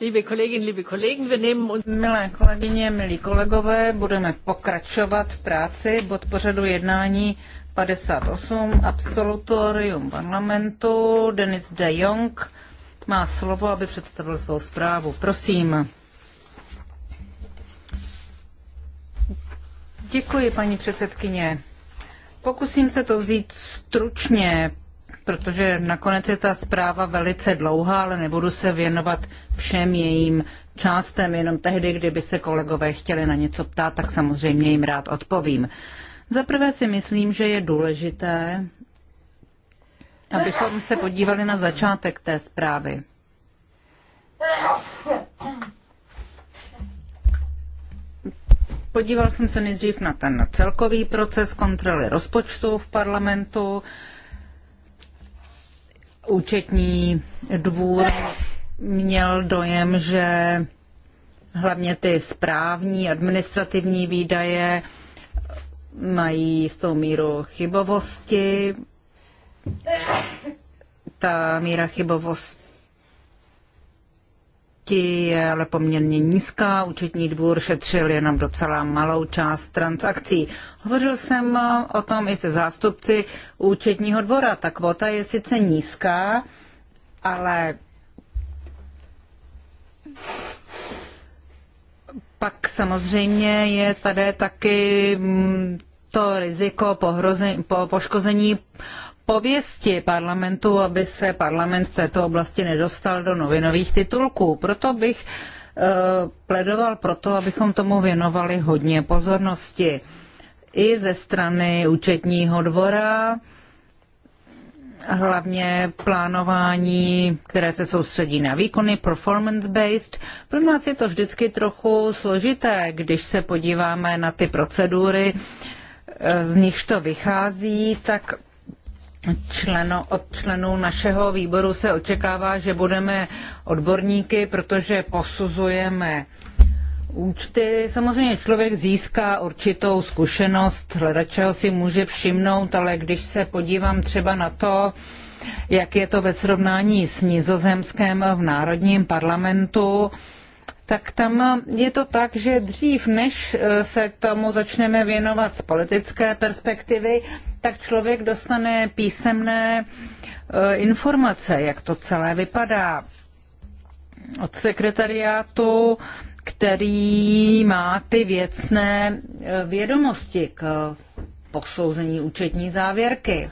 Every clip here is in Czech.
Liebe Kolleginnen, liebe Kollegen, wir nehmen uns... Milé kolegyně, milí kolegové, budeme pokračovat v práci. Bod pořadu jednání 58, absolutorium parlamentu. Denis de Jong má slovo, aby představil svou zprávu. Prosím. Děkuji, paní předsedkyně. Pokusím se to vzít stručně protože nakonec je ta zpráva velice dlouhá, ale nebudu se věnovat všem jejím částem, jenom tehdy, kdyby se kolegové chtěli na něco ptát, tak samozřejmě jim rád odpovím. Za prvé si myslím, že je důležité, abychom se podívali na začátek té zprávy. Podíval jsem se nejdřív na ten celkový proces kontroly rozpočtu v parlamentu, účetní dvůr měl dojem, že hlavně ty správní, administrativní výdaje mají jistou míru chybovosti. Ta míra chybovosti proti je ale poměrně nízká. Účetní dvůr šetřil jenom docela malou část transakcí. Hovořil jsem o tom i se zástupci účetního dvora. Ta kvota je sice nízká, ale pak samozřejmě je tady taky mm, to riziko pohroze, po, poškození pověsti parlamentu, aby se parlament v této oblasti nedostal do novinových titulků. Proto bych eh, pledoval proto, abychom tomu věnovali hodně pozornosti. I ze strany účetního dvora, hlavně plánování, které se soustředí na výkony, performance-based. Pro nás je to vždycky trochu složité, když se podíváme na ty procedury, eh, z nichž to vychází, tak členo, od členů našeho výboru se očekává, že budeme odborníky, protože posuzujeme účty. Samozřejmě člověk získá určitou zkušenost, hledačeho si může všimnout, ale když se podívám třeba na to, jak je to ve srovnání s nizozemském v Národním parlamentu, tak tam je to tak, že dřív, než eh, se tomu začneme věnovat z politické perspektivy, tak člověk dostane písemné eh, informace, jak to celé vypadá. Od sekretariátu, který má ty věcné eh, vědomosti k posouzení účetní závěrky.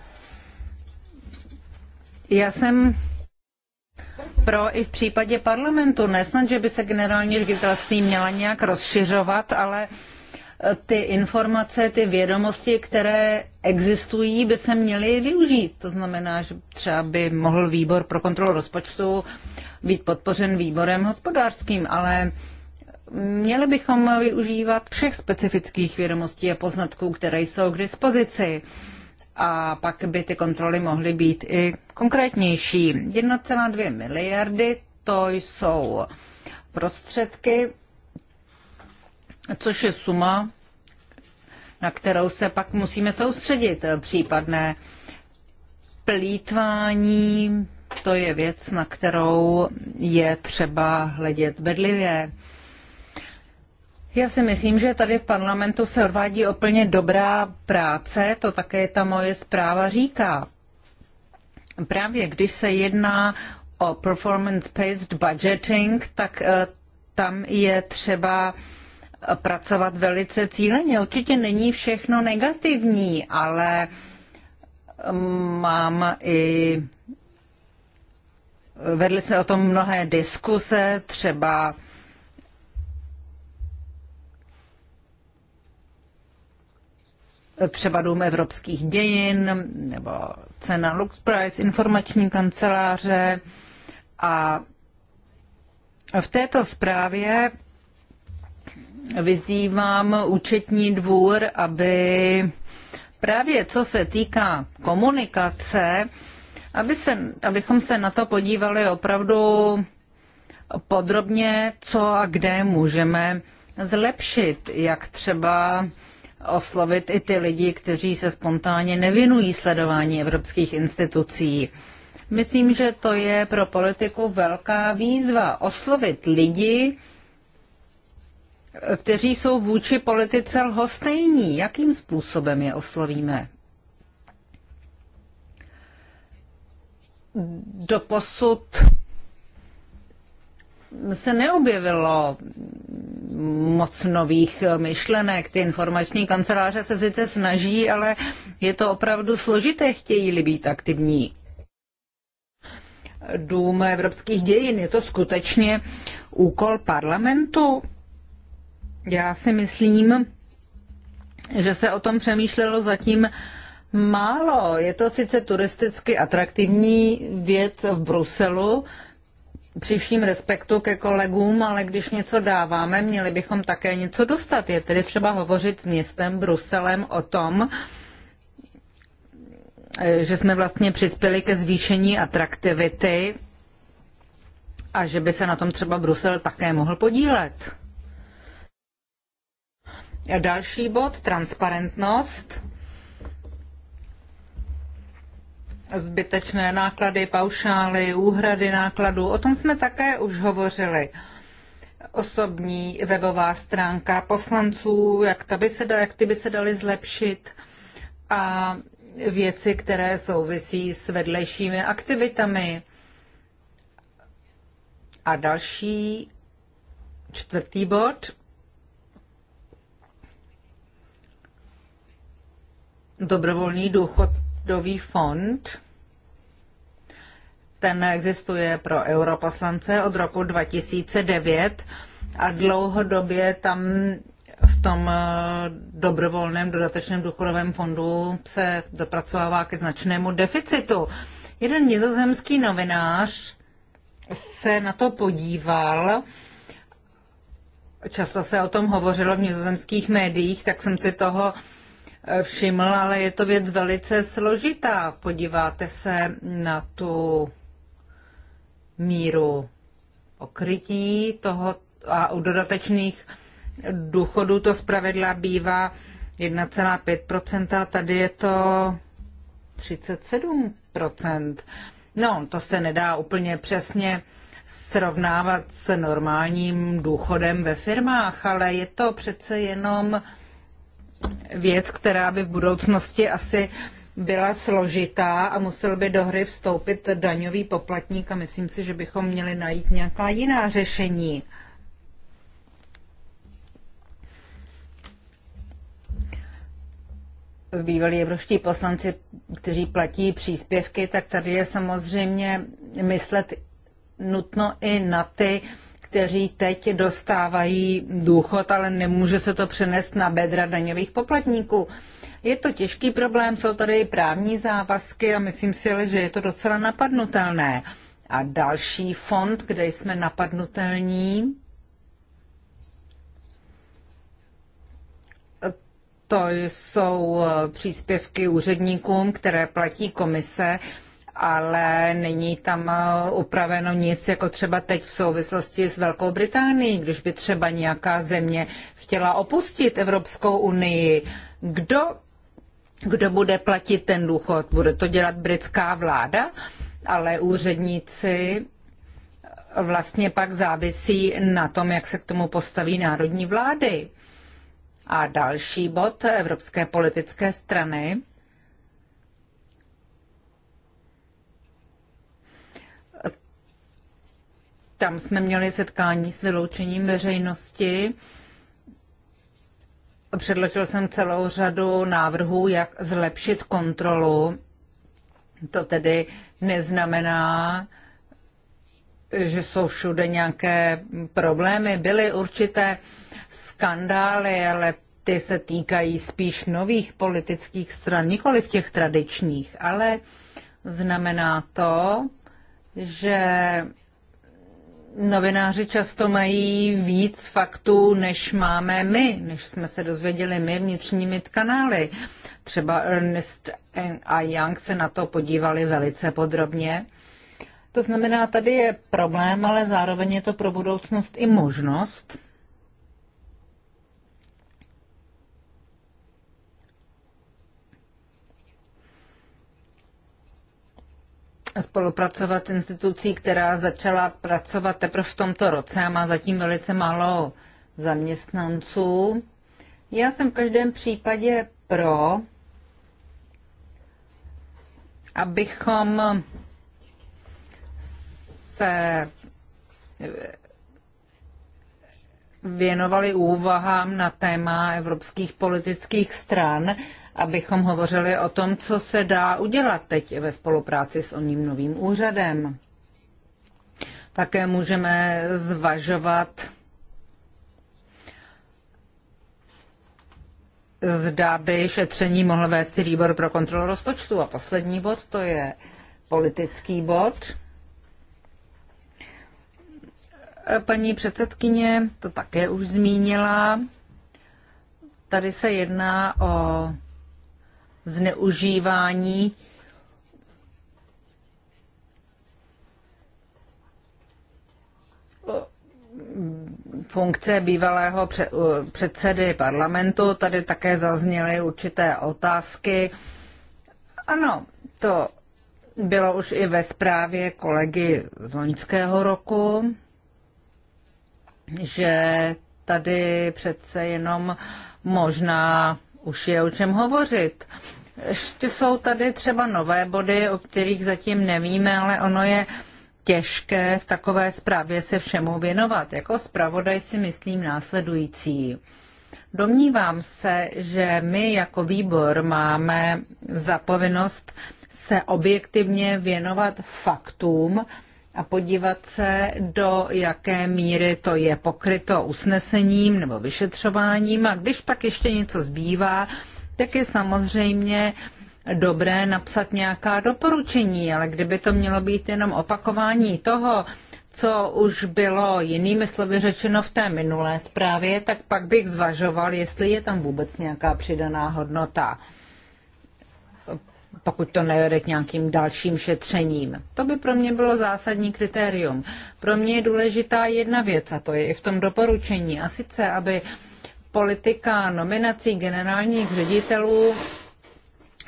Já jsem pro i v případě parlamentu. Nesnad, že by se generální ředitelství měla nějak rozšiřovat, ale ty informace, ty vědomosti, které existují, by se měly využít. To znamená, že třeba by mohl výbor pro kontrolu rozpočtu být podpořen výborem hospodářským, ale měli bychom využívat všech specifických vědomostí a poznatků, které jsou k dispozici. A pak by ty kontroly mohly být i konkrétnější. 1,2 miliardy to jsou prostředky, což je suma, na kterou se pak musíme soustředit. Případné plítvání, to je věc, na kterou je třeba hledět bedlivě. Já si myslím, že tady v parlamentu se odvádí úplně dobrá práce, to také ta moje zpráva říká. Právě když se jedná o performance-based budgeting, tak eh, tam je třeba uh, pracovat velice cíleně. Určitě není všechno negativní, ale mám i Vedli jsme o tom mnohé diskuse, třeba třeba Dům evropských dějin nebo cena Lux Prize, informační kanceláře. A v této zprávě vyzývám účetní dvůr, aby právě co se týká komunikace, aby se, abychom se na to podívali opravdu podrobně, co a kde můžeme zlepšit, jak třeba oslovit i ty lidi, kteří se spontánně nevinují sledování evropských institucí. Myslím, že to je pro politiku velká výzva oslovit lidi, kteří jsou vůči politice lhostejní. Jakým způsobem je oslovíme? Doposud se neobjevilo moc nových myšlenek. Ty informační kanceláře se sice snaží, ale je to opravdu složité, chtějí-li být aktivní. Dům evropských dějin, je to skutečně úkol parlamentu? Já si myslím, že se o tom přemýšlelo zatím málo. Je to sice turisticky atraktivní věc v Bruselu, při vším respektu ke kolegům, ale když něco dáváme, měli bychom také něco dostat. Je tedy třeba hovořit s městem Bruselem o tom, že jsme vlastně přispěli ke zvýšení atraktivity a že by se na tom třeba Brusel také mohl podílet. Další bod, transparentnost. Zbytečné náklady, paušály, úhrady nákladů, o tom jsme také už hovořili. Osobní webová stránka poslanců, jak, ta by se da, jak ty by se daly zlepšit a věci, které souvisí s vedlejšími aktivitami. A další čtvrtý bod – dobrovolný důchodový fond. Ten existuje pro europoslance od roku 2009 a dlouhodobě tam v tom eh, dobrovolném dodatečném důchodovém fondu se dopracovává ke značnému deficitu. Jeden nizozemský novinář se na to podíval, často se o tom hovořilo v nizozemských médiích, tak jsem si toho Eh, všiml, ale je to věc velice složitá. Podíváte se na tu míru pokrytí toho a u dodatečných důchodů to zpravidla bývá 1,5%, tady je to 37%. No, to se nedá úplně přesně srovnávat s normálním důchodem ve firmách, ale je to přece jenom věc, která by v budoucnosti asi byla složitá a musel by do hry vstoupit daňový poplatník a myslím si, že bychom měli najít nějaká jiná řešení. bývalí evropští poslanci, kteří platí příspěvky, tak tady je samozřejmě myslet nutno i na ty, kteří teď dostávají důchod, ale nemůže se to přenést na bedra daňových poplatníků. Je to těžký problém, jsou tady i právní závazky a myslím si, ale, že je to docela napadnutelné. A další fond, kde jsme napadnutelní, to jsou příspěvky úředníkům, které platí komise ale není tam eh, upraveno nic, jako třeba teď v souvislosti s Velkou Británií, když by třeba nějaká země chtěla opustit Evropskou unii. Kdo, kdo bude platit ten důchod? Bude to dělat britská vláda, ale úředníci vlastně pak závisí na tom, jak se k tomu postaví národní vlády. A další bod Evropské politické strany Tam jsme měli setkání s vyloučením veřejnosti. Předložil jsem celou řadu návrhů, jak zlepšit kontrolu. To tedy neznamená, že jsou všude nějaké problémy. Byly určité skandály, ale ty se týkají spíš nových politických stran, nikoli v těch tradičních, ale znamená to, že novináři často mají víc faktů, než máme my, než jsme se dozvěděli my vnitřními kanály. Třeba Ernest a Young se na to podívali velice podrobně. To znamená, tady je problém, ale zároveň je to pro budoucnost i možnost. spolupracovat s institucí, která začala pracovat teprve v tomto roce a má zatím velice málo zaměstnanců. Já jsem v každém případě pro, abychom se věnovali úvahám na téma evropských politických stran abychom hovořili o tom, co se dá udělat teď ve spolupráci s oním novým úřadem. Také můžeme zvažovat, zda by šetření mohl vést výbor pro kontrolu rozpočtu. A poslední bod, to je politický bod. Paní předsedkyně to také už zmínila. Tady se jedná o zneužívání. funkce bývalého předsedy parlamentu. Tady také zazněly určité otázky. Ano, to bylo už i ve zprávě kolegy z loňského roku, že tady přece jenom možná už je o čem hovořit. Ještě jsou tady třeba nové body, o kterých zatím nevíme, ale ono je těžké v takové zprávě se všemu věnovat. Jako zpravodaj si myslím následující. Domnívám se, že my jako výbor máme zapovinnost se objektivně věnovat faktům, a podívat se, do jaké míry to je pokryto usnesením nebo vyšetřováním. A když pak ještě něco zbývá, tak je samozřejmě dobré napsat nějaká doporučení, ale kdyby to mělo být jenom opakování toho, co už bylo jinými slovy řečeno v té minulé zprávě, tak pak bych zvažoval, jestli je tam vůbec nějaká přidaná hodnota pokud to nevede k nějakým dalším šetřením. To by pro mě bylo zásadní kritérium. Pro mě je důležitá jedna věc, a to je i v tom doporučení, a sice, aby politika nominací generálních ředitelů,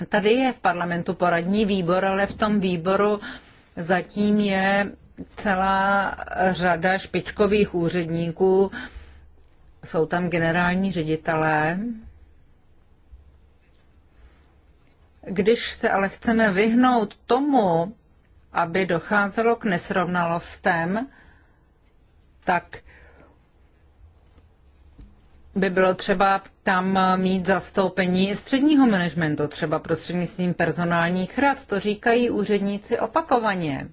tady je v parlamentu poradní výbor, ale v tom výboru zatím je celá řada špičkových úředníků, jsou tam generální ředitelé, Když se ale chceme vyhnout tomu, aby docházelo k nesrovnalostem, tak by bylo třeba tam mít zastoupení středního managementu, třeba prostřednictvím personálních rad. To říkají úředníci opakovaně.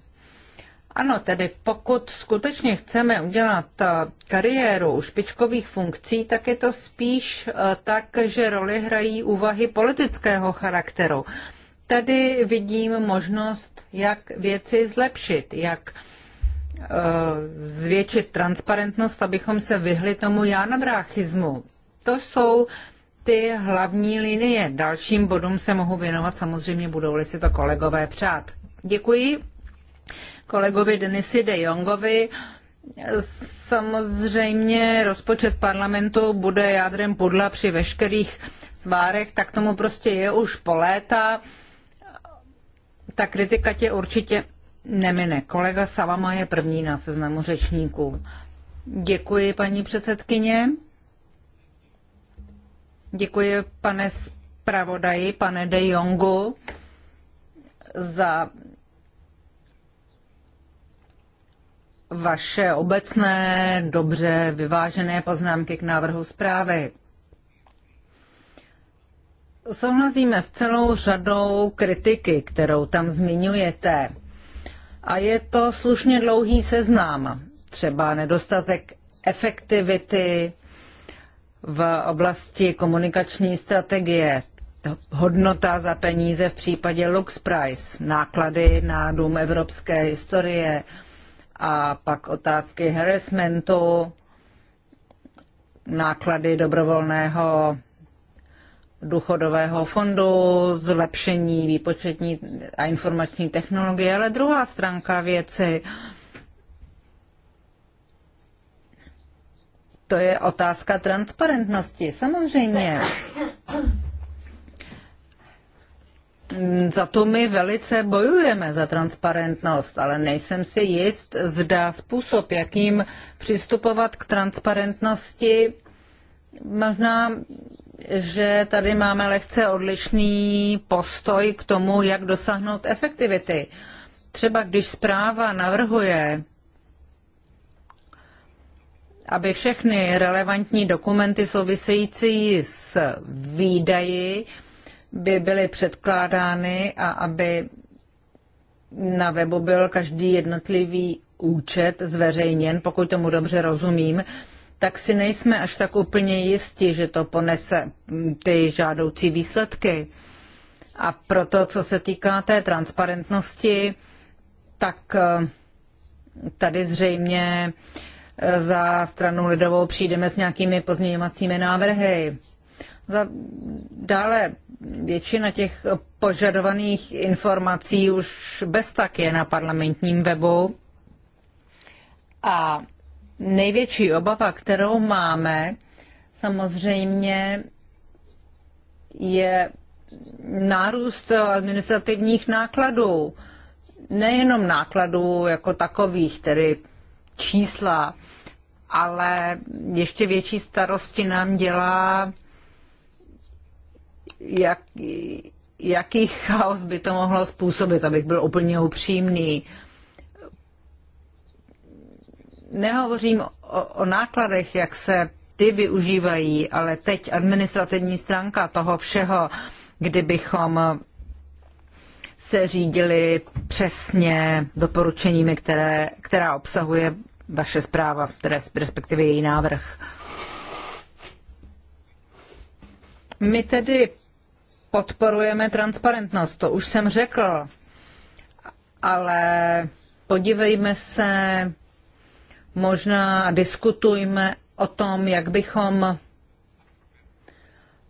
Ano, tedy pokud skutečně chceme udělat eh, kariéru u špičkových funkcí, tak je to spíš eh, tak, že roli hrají úvahy politického charakteru. Tady vidím možnost, jak věci zlepšit, jak eh, zvětšit transparentnost, abychom se vyhli tomu jánabráchismu. To jsou ty hlavní linie. Dalším bodům se mohu věnovat samozřejmě, budou-li si to kolegové přát. Děkuji kolegovi Denisi de Jongovi. Samozřejmě rozpočet parlamentu bude jádrem pudla při veškerých svárech, tak tomu prostě je už po léta. Ta kritika tě určitě nemine. Kolega Savama je první na seznamu řečníků. Děkuji, paní předsedkyně. Děkuji, pane zpravodaji, pane De Jongu, za vaše obecné, dobře vyvážené poznámky k návrhu zprávy. Souhlasíme s celou řadou kritiky, kterou tam zmiňujete. A je to slušně dlouhý seznam. Třeba nedostatek efektivity v oblasti komunikační strategie, hodnota za peníze v případě Lux Price, náklady na Dům evropské historie, a pak otázky harassmentu, náklady dobrovolného důchodového fondu, zlepšení výpočetní a informační technologie, ale druhá stránka věci. To je otázka transparentnosti. Samozřejmě Mm, za to my velice bojujeme za transparentnost, ale nejsem si jist, zda způsob, jakým přistupovat k transparentnosti, možná, že tady máme lehce odlišný postoj k tomu, jak dosáhnout efektivity. Třeba když zpráva navrhuje, aby všechny relevantní dokumenty související s výdaji by byly předkládány a aby na webu byl každý jednotlivý účet zveřejněn, pokud tomu dobře rozumím, tak si nejsme až tak úplně jisti, že to ponese ty žádoucí výsledky. A proto, co se týká té transparentnosti, tak eh, tady zřejmě eh, za stranu lidovou přijdeme s nějakými pozměňovacími návrhy. Dále většina těch požadovaných informací už bez tak je na parlamentním webu. A největší obava, kterou máme, samozřejmě je nárůst administrativních nákladů. Nejenom nákladů jako takových, tedy čísla, ale ještě větší starosti nám dělá jak, jaký chaos by to mohlo způsobit, abych byl úplně upřímný. Nehovořím o, o nákladech, jak se ty využívají, ale teď administrativní stránka toho všeho, kdybychom se řídili přesně doporučeními, které, která obsahuje vaše zpráva, respektive její návrh. My tedy podporujeme transparentnost, to už jsem řekl. Ale podívejme se, možná diskutujme o tom, jak bychom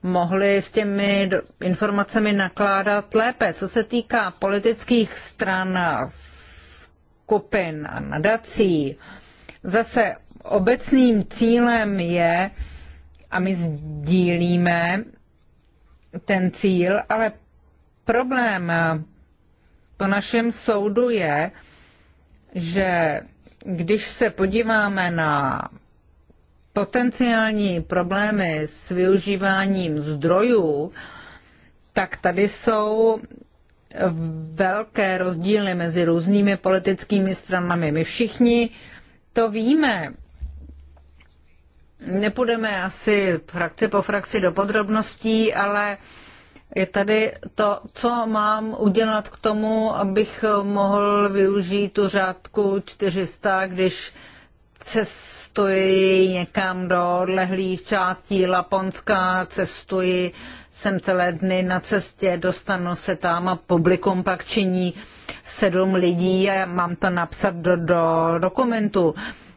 mohli s těmi informacemi nakládat lépe. Co se týká politických stran, skupin a nadací, zase obecným cílem je, a my sdílíme ten cíl, ale problém po našem soudu je, že když se podíváme na potenciální problémy s využíváním zdrojů, tak tady jsou velké rozdíly mezi různými politickými stranami. My všichni to víme nepůjdeme asi frakci po frakci do podrobností, ale je tady to, co mám udělat k tomu, abych mohl využít tu řádku 400, když cestuji někam do odlehlých částí Laponska, cestuji, jsem celé dny na cestě, dostanu se tam a publikum pak činí sedm lidí a mám to napsat do, do dokumentu.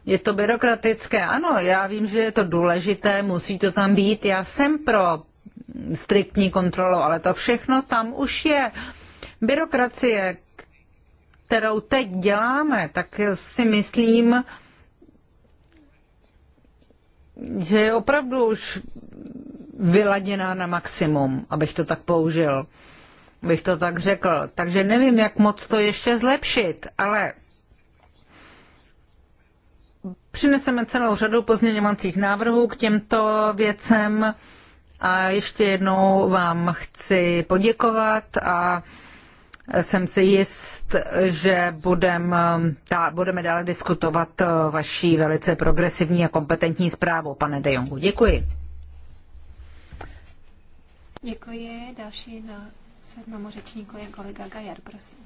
Je to byrokratické. Ano, já vím, že je to důležité, musí to tam být. Já jsem pro striktní kontrolu, ale to všechno tam už je. Byrokracie, kterou teď děláme, tak si myslím, že je opravdu už vyladěná na maximum, abych to tak použil, abych to tak řekl. Takže nevím, jak moc to ještě zlepšit, ale Přineseme celou řadu pozměňovacích návrhů k těmto věcem a ještě jednou vám chci poděkovat a jsem si jist, že budem, ta, budeme dále diskutovat vaší velice progresivní a kompetentní zprávu, pane De Jongu. Děkuji. Děkuji. Další na seznamu řečníku je kolega Gajar, prosím.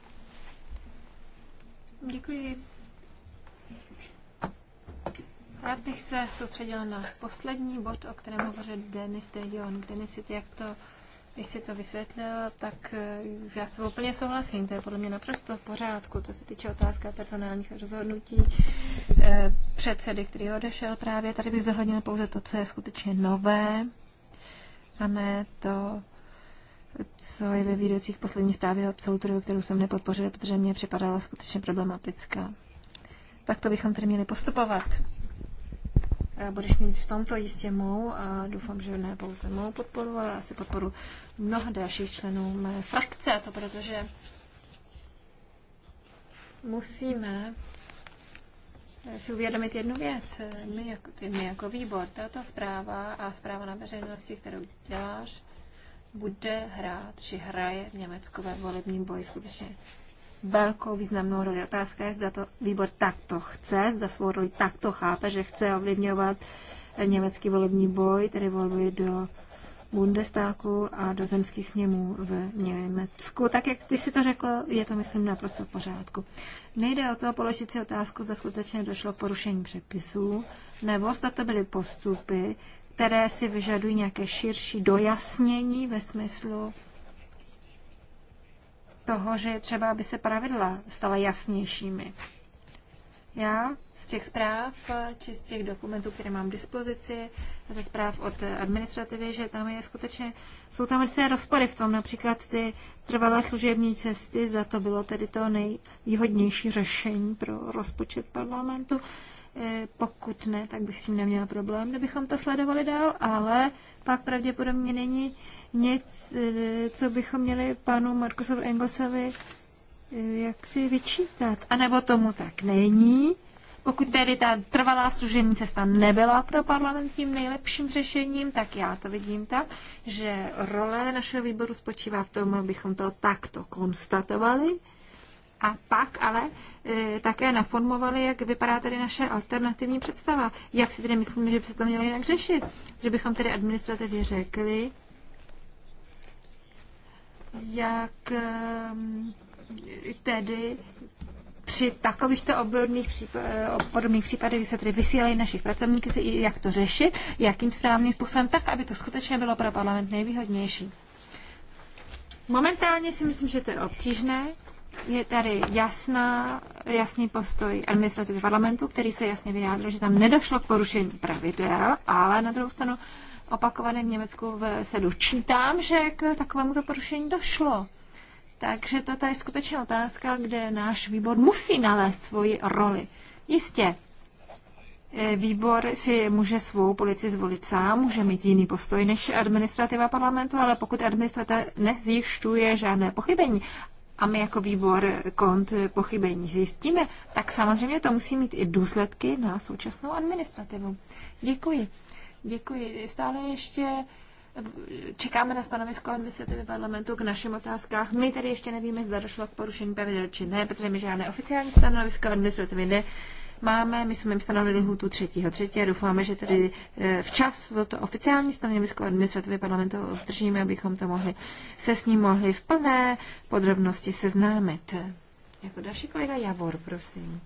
Děkuji, já bych se soustředila na poslední bod, o kterém hovořil Denis de Jon. Denis, jak to, když si to vysvětlil, tak eh, já s tebou úplně souhlasím. To je podle mě naprosto v pořádku, co se týče otázka personálních rozhodnutí eh, předsedy, který odešel právě. Tady bych zohlednil pouze to, co je skutečně nové, a ne to, co je ve výrocích poslední zprávy o kterou jsem nepodpořila, protože mě připadala skutečně problematická. Tak to bychom tedy měli postupovat. Eh, budeš mít v tomto jistě mou a doufám, že ne pouze mou podporu, ale asi podporu mnoha dalších členů mé frakce, a to protože musíme si uvědomit jednu věc. My jako, ty, my jako výbor, tato zpráva a zpráva na veřejnosti, kterou děláš, bude hrát, či hraje v Německu ve volebním boji skutečně velkou významnou roli. Otázka je, zda to výbor takto chce, zda svou roli takto chápe, že chce ovlivňovat německý volební boj, tedy volby do Bundestáku a do zemských sněmů v Německu. Tak jak ty si to řekl, je to, myslím, naprosto v pořádku. Nejde o to položit si otázku, zda skutečně došlo k porušení předpisů, nebo zda to byly postupy, které si vyžadují nějaké širší dojasnění ve smyslu toho, že je třeba, aby se pravidla stala jasnějšími. Já z těch zpráv, eh, či z těch dokumentů, které mám k dispozici, ze zpráv od administrativy, že tam je skutečně, jsou tam určité rozpory v tom, například ty trvalé služební cesty, za to bylo tedy to nejvýhodnější řešení pro rozpočet parlamentu. Eh, pokud ne, tak bych s tím neměla problém, kdybychom to sledovali dál, ale pak pravděpodobně není nic, eh, co bychom měli panu Markusovi Engelsovi eh, jak si vyčítat. A nebo tomu tak není. Pokud tedy ta trvalá služební cesta nebyla pro parlament tím nejlepším řešením, tak já to vidím tak, že role našeho výboru spočívá v tom, abychom to takto konstatovali a pak ale e, také naformovali, jak vypadá tady naše alternativní představa. Jak si tedy myslím, že by se to mělo jinak řešit? Že bychom tedy administrativě řekli, jak ehm, tedy při takovýchto obdobných eh, podobných případech, kdy se tedy vysílají našich pracovníků, jak to řešit, jakým správným způsobem, tak, aby to skutečně bylo pro parlament nejvýhodnější. Momentálně si myslím, že to je obtížné. Je tady jasná, jasný postoj administrativy parlamentu, který se jasně vyjádřil, že tam nedošlo k porušení pravidel, ale na druhou stranu opakované v Německu sedu dočítám, že k takovému to porušení došlo. Takže to je skutečně otázka, kde náš výbor musí nalézt svoji roli. Jistě, e, výbor si může svou policii zvolit sám, může mít jiný postoj než administrativa parlamentu, ale pokud administrativa nezjišťuje žádné pochybení a my jako výbor kont pochybení zjistíme, tak samozřejmě to musí mít i důsledky na současnou administrativu. Děkuji. Děkuji. Stále ještě eh, čekáme na stanovisko administrativy parlamentu k našim otázkách. My tedy ještě nevíme, zda došlo k porušení pravidel či ne, protože my žádné oficiální stanovisko administrativy ne máme. My jsme jim stanovili lhůtu 3. 3. a doufáme, že tedy eh, včas toto oficiální stanovisko administrativy parlamentu obdržíme, abychom to mohli, se s ním mohli v plné podrobnosti seznámit. Jako další kolega Javor, prosím.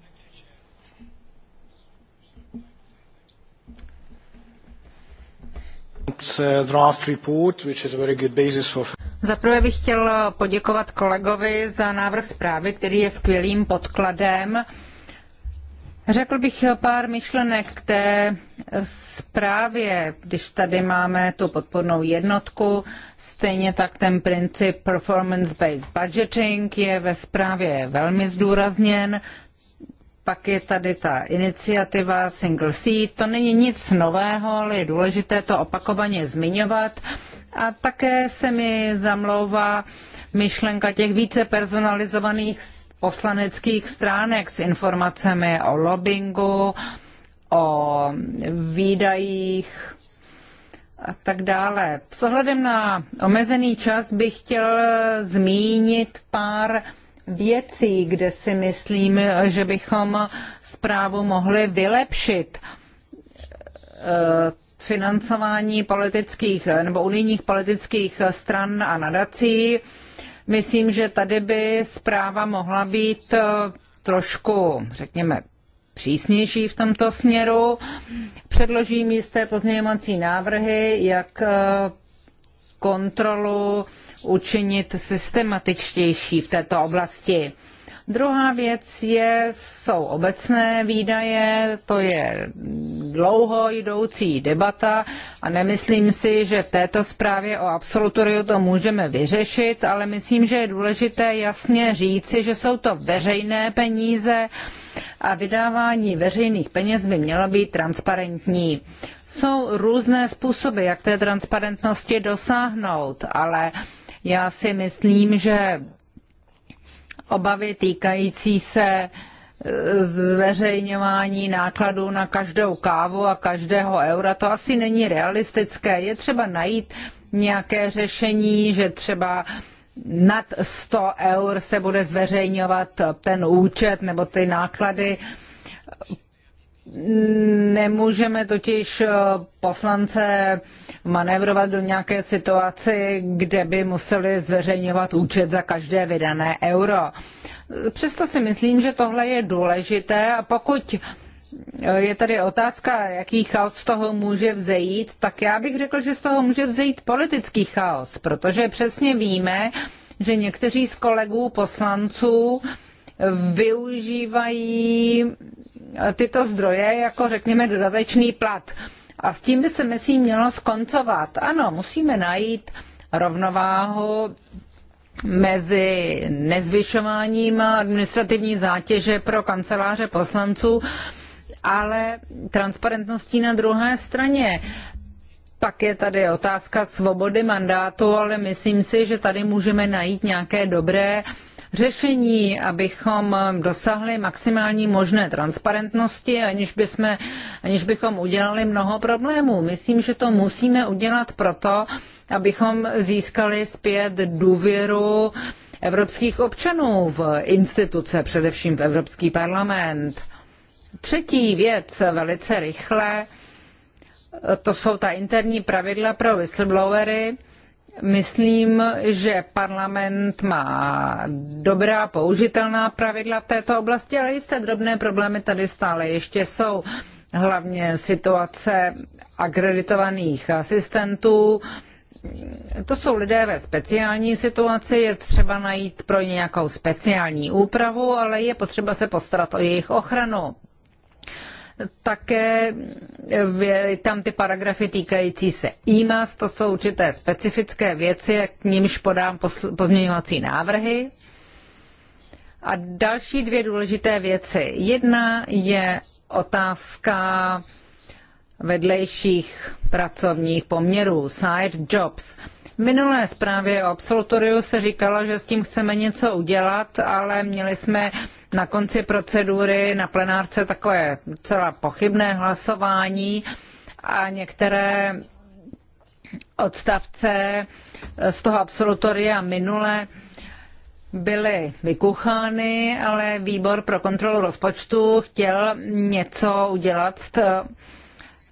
Uh, Zaprvé bych chtěl poděkovat kolegovi za návrh zprávy, který je skvělým podkladem. Řekl bych pár myšlenek k té zprávě, když tady máme tu podpornou jednotku, stejně tak ten princip performance-based budgeting je ve zprávě velmi zdůrazněn pak je tady ta iniciativa Single Seat. To není nic nového, ale je důležité to opakovaně zmiňovat. A také se mi zamlouvá myšlenka těch více personalizovaných poslaneckých stránek s informacemi o lobbingu, o výdajích a tak dále. S ohledem na omezený čas bych chtěl zmínit pár věcí, kde si myslím, že bychom zprávu mohli vylepšit. E, financování politických nebo unijních politických stran a nadací. Myslím, že tady by zpráva mohla být e, trošku, řekněme, přísnější v tomto směru. Předložím jisté pozměňovací návrhy, jak e, kontrolu učinit systematičtější v této oblasti. Druhá věc je, jsou obecné výdaje, to je dlouho jdoucí debata a nemyslím si, že v této zprávě o absolutoriu to můžeme vyřešit, ale myslím, že je důležité jasně říci, že jsou to veřejné peníze a vydávání veřejných peněz by mělo být transparentní. Jsou různé způsoby, jak té transparentnosti dosáhnout, ale já si myslím, že obavy týkající se e, zveřejňování nákladů na každou kávu a každého eura, to asi není realistické. Je třeba najít nějaké řešení, že třeba nad 100 eur se bude zveřejňovat ten účet nebo ty náklady. Nemůžeme totiž eh, poslance manévrovat do nějaké situaci, kde by museli zveřejňovat účet za každé vydané euro. Přesto si myslím, že tohle je důležité a pokud eh, je tady otázka, jaký chaos z toho může vzejít, tak já bych řekl, že z toho může vzejít politický chaos, protože přesně víme, že někteří z kolegů poslanců využívají Eh, tyto zdroje jako řekněme dodatečný plat. A s tím by se myslím mělo skoncovat. Ano, musíme najít rovnováhu mezi nezvyšováním administrativní zátěže pro kanceláře poslanců, ale transparentností na druhé straně. Pak je tady otázka svobody mandátu, ale myslím si, že tady můžeme najít nějaké dobré uh, řešení, abychom dosáhli maximální možné transparentnosti, aniž, bychom, aniž bychom udělali mnoho problémů. Myslím, že to musíme udělat proto, abychom získali zpět důvěru evropských občanů v instituce, především v Evropský parlament. Třetí věc, velice rychle, to jsou ta interní pravidla pro whistleblowery. Myslím, že parlament má dobrá použitelná pravidla v této oblasti, ale jisté drobné problémy tady stále ještě jsou. Hlavně situace akreditovaných asistentů. To jsou lidé ve speciální situaci, je třeba najít pro ně nějakou speciální úpravu, ale je potřeba se postarat o jejich ochranu. Také eh, tam ty paragrafy týkající se IMAS, e to jsou určité specifické věci, k nímž podám pozměňovací návrhy. A další dvě důležité věci. Jedna je otázka vedlejších pracovních poměrů, side jobs minulé zprávě o absolutoriu se říkalo, že s tím chceme něco udělat, ale měli jsme na konci procedury na plenárce takové celá pochybné hlasování a některé odstavce z toho absolutoria minule byly vykuchány, ale výbor pro kontrolu rozpočtu chtěl něco udělat s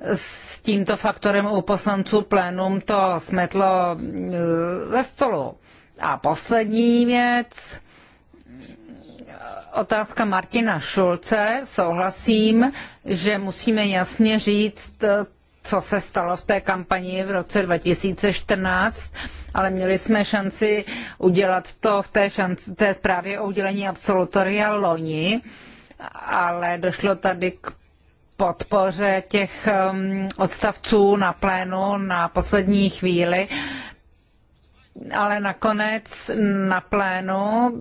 s tímto faktorem u poslanců plénum to smetlo eh, ze stolu. A poslední věc, otázka Martina Šulce. Souhlasím, že musíme jasně říct, eh, co se stalo v té kampani v roce 2014, ale měli jsme šanci udělat to v té, šanci, té zprávě o udělení absolutoria loni, ale došlo tady k podpoře těch um, odstavců na plénu na poslední chvíli, ale nakonec na plénu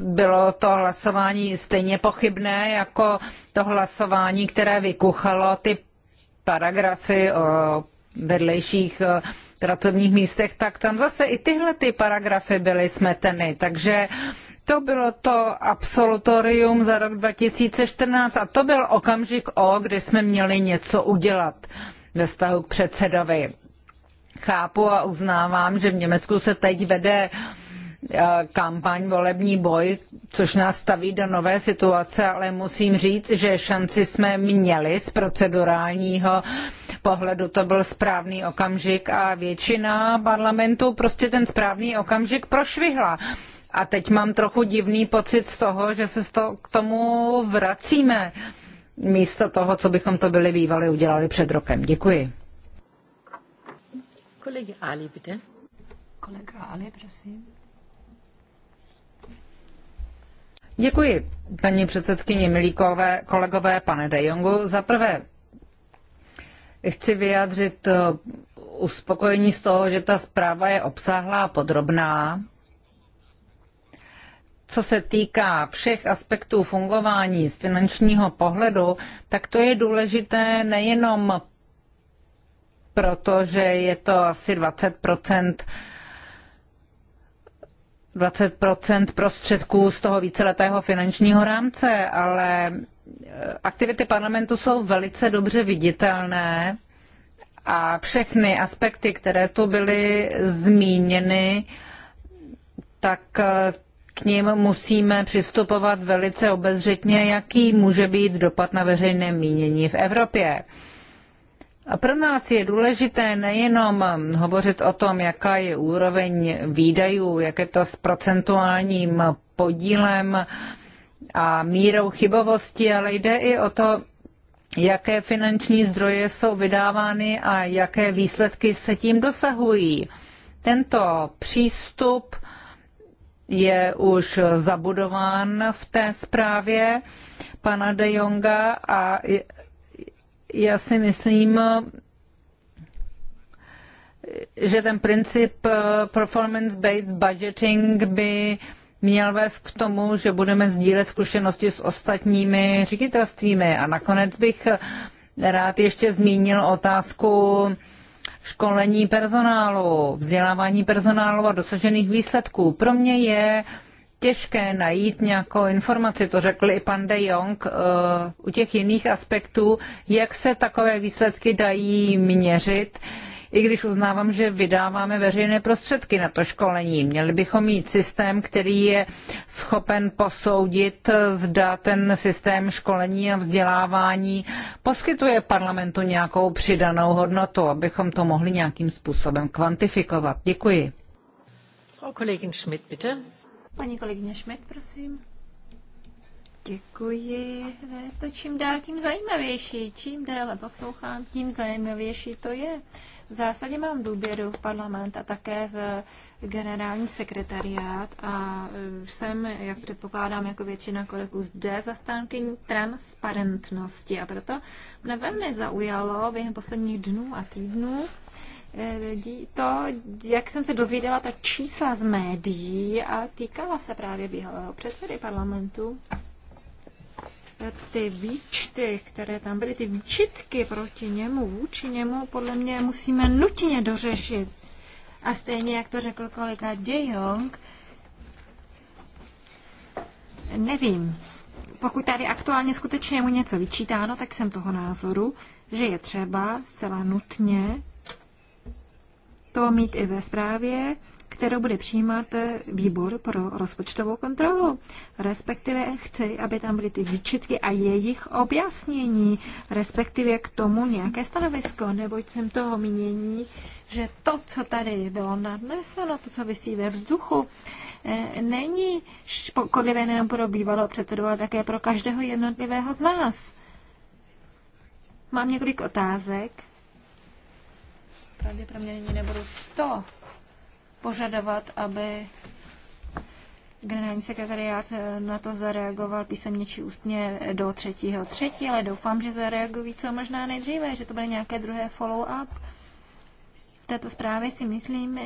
bylo to hlasování stejně pochybné jako to hlasování, které vykuchalo ty paragrafy o vedlejších eh, pracovních místech, tak tam zase i tyhle ty paragrafy byly smeteny. Takže to bylo to absolutorium za rok 2014 a to byl okamžik O, kdy jsme měli něco udělat ve vztahu k předsedovi. Chápu a uznávám, že v Německu se teď vede eh, kampaň, volební boj, což nás staví do nové situace, ale musím říct, že šanci jsme měli z procedurálního pohledu. To byl správný okamžik a většina parlamentu prostě ten správný okamžik prošvihla. A teď mám trochu divný pocit z toho, že se to, k tomu vracíme místo toho, co bychom to byli bývali udělali před rokem. Děkuji. Kolega Ali, bitte. Kolega Ali, prosím. Děkuji, paní předsedkyně milí kolegové, kolegové pane De Jongu. Za prvé chci vyjádřit eh, uspokojení z toho, že ta zpráva je obsáhlá a podrobná co se týká všech aspektů fungování z finančního pohledu, tak to je důležité nejenom proto, že je to asi 20 20 prostředků z toho víceletého finančního rámce, ale eh, aktivity parlamentu jsou velice dobře viditelné a všechny aspekty, které tu byly zmíněny, tak eh, k ním musíme přistupovat velice obezřetně, jaký může být dopad na veřejné mínění v Evropě. A pro nás je důležité nejenom hovořit o tom, jaká je úroveň výdajů, jak je to s procentuálním podílem a mírou chybovosti, ale jde i o to, jaké finanční zdroje jsou vydávány a jaké výsledky se tím dosahují. Tento přístup je už zabudován v té zprávě pana de Jonga a já si myslím, že ten princip eh, performance-based budgeting by měl vést k tomu, že budeme sdílet zkušenosti s ostatními ředitelstvími. A nakonec bych rád ještě zmínil otázku školení personálu, vzdělávání personálu a dosažených výsledků. Pro mě je těžké najít nějakou informaci, to řekl i pan De Jong, uh, u těch jiných aspektů, jak se takové výsledky dají měřit. Uh, i když uznávám, že vydáváme veřejné prostředky na to školení. Měli bychom mít systém, který je schopen posoudit, zda ten systém školení a vzdělávání poskytuje parlamentu nějakou přidanou hodnotu, abychom to mohli nějakým způsobem kvantifikovat. Děkuji. Frau Schmidt, bitte. Paní kolegyně Schmidt, prosím. Děkuji. Je to čím dál tím zajímavější. Čím déle poslouchám, tím zajímavější to je. V zásadě mám důvěru v parlament a také v generální sekretariát a e, jsem, jak předpokládám, jako většina kolegů zde zastánkyní transparentnosti. A proto mne velmi zaujalo během posledních dnů a týdnů, e, to, jak jsem se dozvídala ta čísla z médií a týkala se právě bývalého předsedy parlamentu ty výčty, které tam byly, ty výčitky proti němu, vůči němu, podle mě musíme nutně dořešit. A stejně, jak to řekl kolega De Jong, nevím, pokud tady aktuálně skutečně mu něco vyčítáno, tak jsem toho názoru, že je třeba zcela nutně to mít i ve zprávě, kterou bude přijímat eh, výbor pro rozpočtovou kontrolu. Respektive chci, aby tam byly ty výčitky a jejich objasnění, respektive k tomu nějaké stanovisko, neboť jsem toho mínění, že to, co tady bylo nadneseno, to, co vysí ve vzduchu, eh, není škodlivé nejen pro bývalého předsedu, ale také pro každého jednotlivého z nás. Mám několik otázek. Pravděpodobně nyní nebudu sto požadovat, aby generální sekretariát eh, na to zareagoval písemně či ústně do 3. 3., ale doufám, že zareagují co možná nejdříve, že to bude nějaké druhé follow-up. V této zprávě si myslím,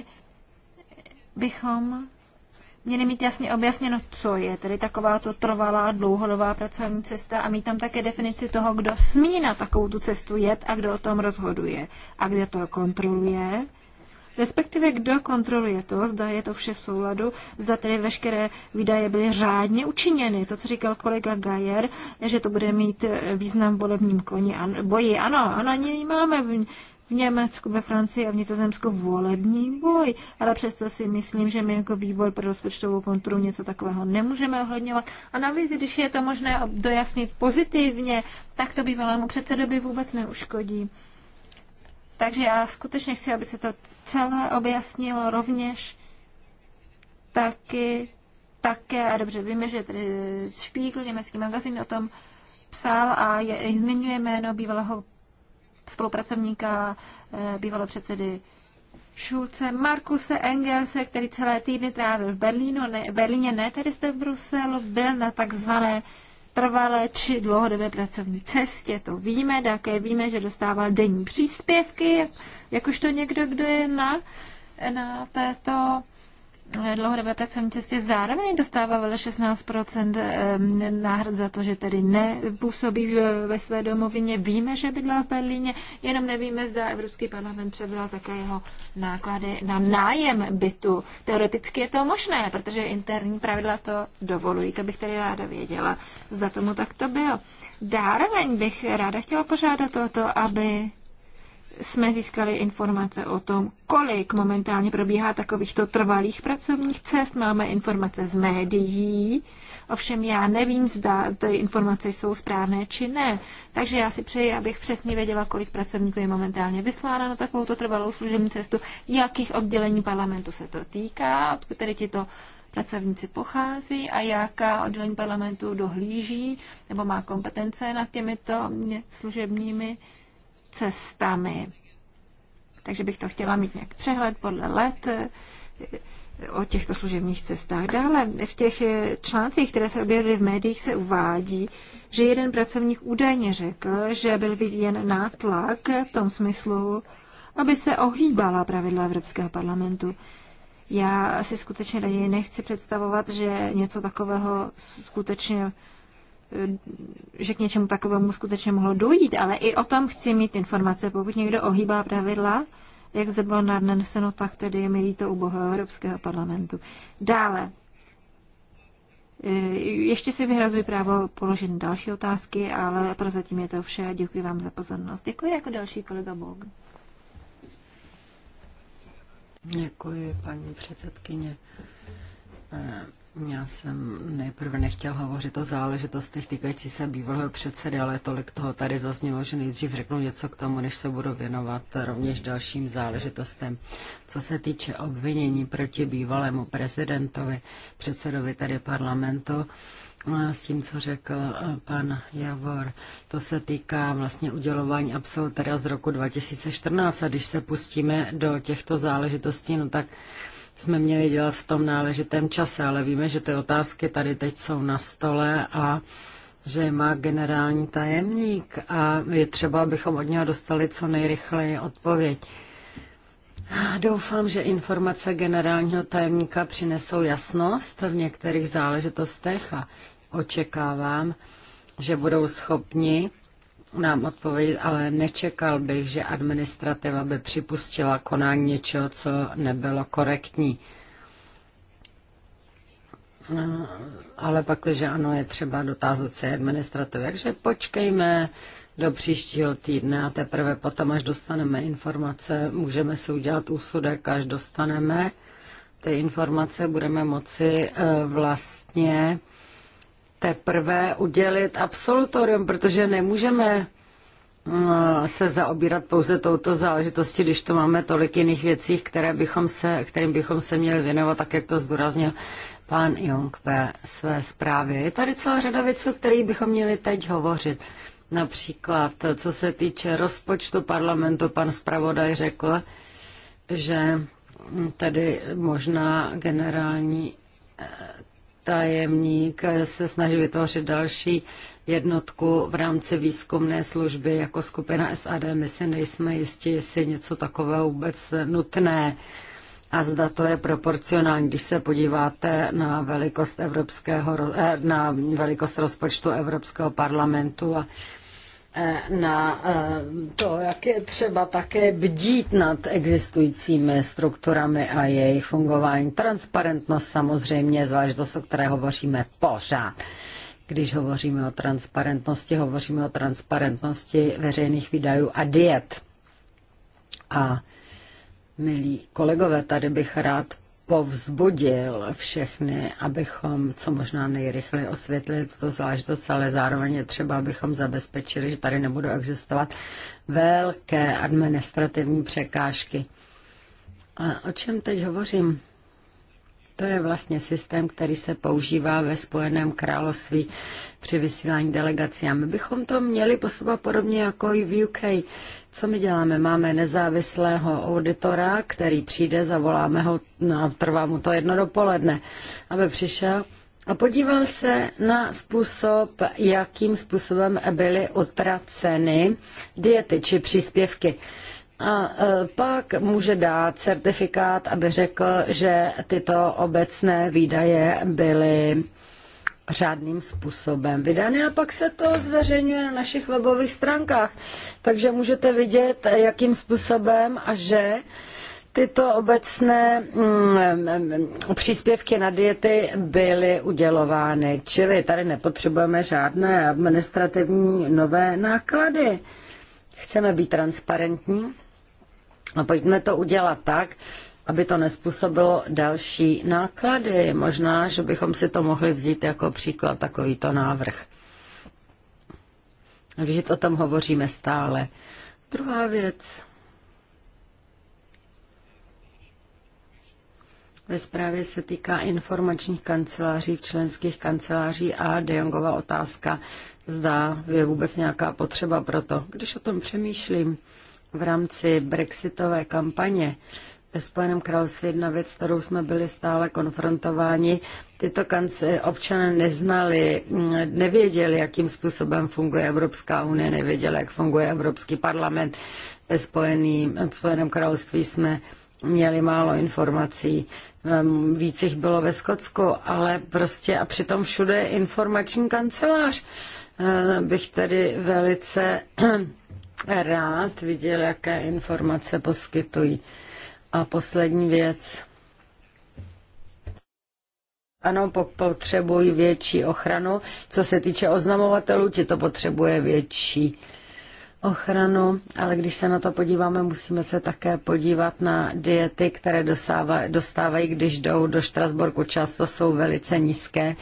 bychom měli mít jasně objasněno, co je tedy taková to trvalá dlouhodobá pracovní cesta a mít tam také definici toho, kdo smí na takovou tu cestu jet a kdo o tom rozhoduje a kdo to kontroluje respektive kdo kontroluje to, zda je to vše v souladu, zda tedy veškeré výdaje byly řádně učiněny. To, co říkal kolega Gajer, že to bude mít eh, význam v volebním koni, a boji. Ano, ano, ani máme v, v Německu, ve Francii a v Nizozemsku volební boj, ale přesto si myslím, že my jako výbor pro rozpočtovou kontrolu něco takového nemůžeme ohledňovat. A navíc, když je to možné dojasnit pozitivně, tak to bývalému předsedovi vůbec neuškodí. Takže já skutečně chci, aby se to celé objasnilo rovněž taky, také, a dobře víme, že tady Špíkl, německý magazín o tom psal a je, zmiňuje jméno bývalého spolupracovníka, eh, bývalého předsedy Šulce, Markuse Engelse, který celé týdny trávil v Berlínu, ne, Berlíně, ne tady jste v Bruselu, byl na takzvané trvalé či dlouhodobé pracovní cestě. To víme, také víme, že dostával denní příspěvky, jakožto někdo, kdo je na, na této Eh, dlouhodobé pracovní cestě zároveň dostává 16 eh, náhrad za to, že tedy nepůsobí ve své domovině. Víme, že bydla v Berlíně, jenom nevíme, zda Evropský parlament převzal také jeho náklady na nájem bytu. Teoreticky je to možné, protože interní pravidla to dovolují. To bych tedy ráda věděla, za tomu tak to bylo. Dároveň bych ráda chtěla požádat o to, aby jsme získali informace o tom, kolik momentálně probíhá takovýchto trvalých pracovních cest. Máme informace z médií, ovšem já nevím, zda ty informace jsou správné či ne. Takže já si přeji, abych přesně věděla, kolik pracovníků je momentálně vysláno na takovouto trvalou služební cestu, jakých oddělení parlamentu se to týká, odkud tedy ti to pracovníci pochází a jaká oddělení parlamentu dohlíží nebo má kompetence nad těmito služebními cestami. Takže bych to chtěla mít nějak přehled podle let eh, o těchto služebních cestách. Dále v těch eh, článcích, které se objevily v médiích, se uvádí, že jeden pracovník údajně řekl, že byl vyvíjen nátlak v tom smyslu, aby se ohlíbala pravidla Evropského parlamentu. Já si skutečně raději nechci představovat, že něco takového skutečně že k něčemu takovému skutečně mohlo dojít, ale i o tom chci mít informace. Pokud někdo ohýbá pravidla, jak zde bylo nadneseno, tak tedy je mi to ubohého Evropského parlamentu. Dále, eh, ještě si vyhrazuji právo položit další otázky, ale prozatím je to vše. Děkuji vám za pozornost. Děkuji jako další kolega Bog. Děkuji, paní předsedkyně. Eh, já jsem nejprve nechtěl hovořit o záležitostech týkající se bývalého předsedy, ale tolik toho tady zaznělo, že nejdřív řeknu něco k tomu, než se budu věnovat rovněž dalším záležitostem. Co se týče obvinění proti bývalému prezidentovi, předsedovi tady parlamentu, s tím, co řekl pan Javor. To se týká vlastně udělování absolutoria z roku 2014 a když se pustíme do těchto záležitostí, no tak jsme měli dělat v tom náležitém čase, ale víme, že ty otázky tady teď jsou na stole a že má generální tajemník a je třeba, abychom od něho dostali co nejrychleji odpověď. Doufám, že informace generálního tajemníka přinesou jasnost v některých záležitostech a očekávám, že budou schopni nám odpovědět, ale nečekal bych, že administrativa by připustila konání něčeho, co nebylo korektní. Eh, ale pak, že ano, je třeba dotázat se administrativy. Takže počkejme do příštího týdne a teprve potom, až dostaneme informace, můžeme si udělat úsudek, až dostaneme ty informace, budeme moci eh, vlastně teprve udělit absolutorium, protože nemůžeme eh, se zaobírat pouze touto záležitostí, když to máme tolik jiných věcí, které bychom se, kterým bychom se měli věnovat, tak jak to zdůraznil pan Jung ve své zprávě. Je tady celá řada věcí, o kterých bychom měli teď hovořit. Například, co se týče rozpočtu parlamentu, pan zpravodaj řekl, že tedy možná generální eh, tajemník se snaží vytvořit další jednotku v rámci výzkumné služby jako skupina SAD. My si nejsme jistí, jestli je něco takového vůbec nutné a zda to je proporcionální. Když se podíváte na velikost, evropského, eh, na velikost rozpočtu Evropského parlamentu a Eh, na eh, to, jak je třeba také bdít nad existujícími strukturami a jejich fungování. Transparentnost samozřejmě, záležitost, o které hovoříme pořád. Když hovoříme o transparentnosti, hovoříme o transparentnosti veřejných výdajů a diet. A milí kolegové, tady bych rád povzbudil všechny, abychom co možná nejrychleji osvětlili tuto záležitost, ale zároveň je třeba, abychom zabezpečili, že tady nebudou existovat velké administrativní překážky. A o čem teď hovořím? To je vlastně systém, který se používá ve Spojeném království při vysílání delegací. A my bychom to měli postupovat podobně jako i v UK. Co my děláme? Máme nezávislého auditora, který přijde, zavoláme ho, no, a trvá mu to jedno dopoledne, aby přišel a podíval se na způsob, jakým způsobem byly utraceny diety či příspěvky. A e, pak může dát certifikát, aby řekl, že tyto obecné výdaje byly řádným způsobem vydány a pak se to zveřejňuje na našich webových stránkách. Takže můžete vidět, jakým způsobem a že tyto obecné mm, příspěvky na diety byly udělovány. Čili tady nepotřebujeme žádné administrativní nové náklady. Chceme být transparentní a no pojďme to udělat tak, aby to nespůsobilo další náklady. Možná, že bychom si to mohli vzít jako příklad takovýto návrh. Takže o tom hovoříme stále. Druhá věc. Ve zprávě se týká informačních kanceláří, v členských kanceláří a De Jongova otázka, zda je vůbec nějaká potřeba pro to. Když o tom přemýšlím, v rámci brexitové kampaně ve Spojeném království jedna věc, kterou jsme byli stále konfrontováni. Tyto kanci občané neznali, nevěděli, jakým způsobem funguje Evropská unie, nevěděli, jak funguje Evropský parlament. Ve Spojeným, Spojeném království jsme měli málo informací. Ehm, víc jich bylo ve Skotsku, ale prostě a přitom všude je informační kancelář. Ehm, bych tedy velice rád viděl, jaké informace poskytují. A poslední věc. Ano, potřebují větší ochranu. Co se týče oznamovatelů, ti to potřebuje větší ochranu, ale když se na to podíváme, musíme se také podívat na diety, které dostávají, když jdou do Štrasburku. Často jsou velice nízké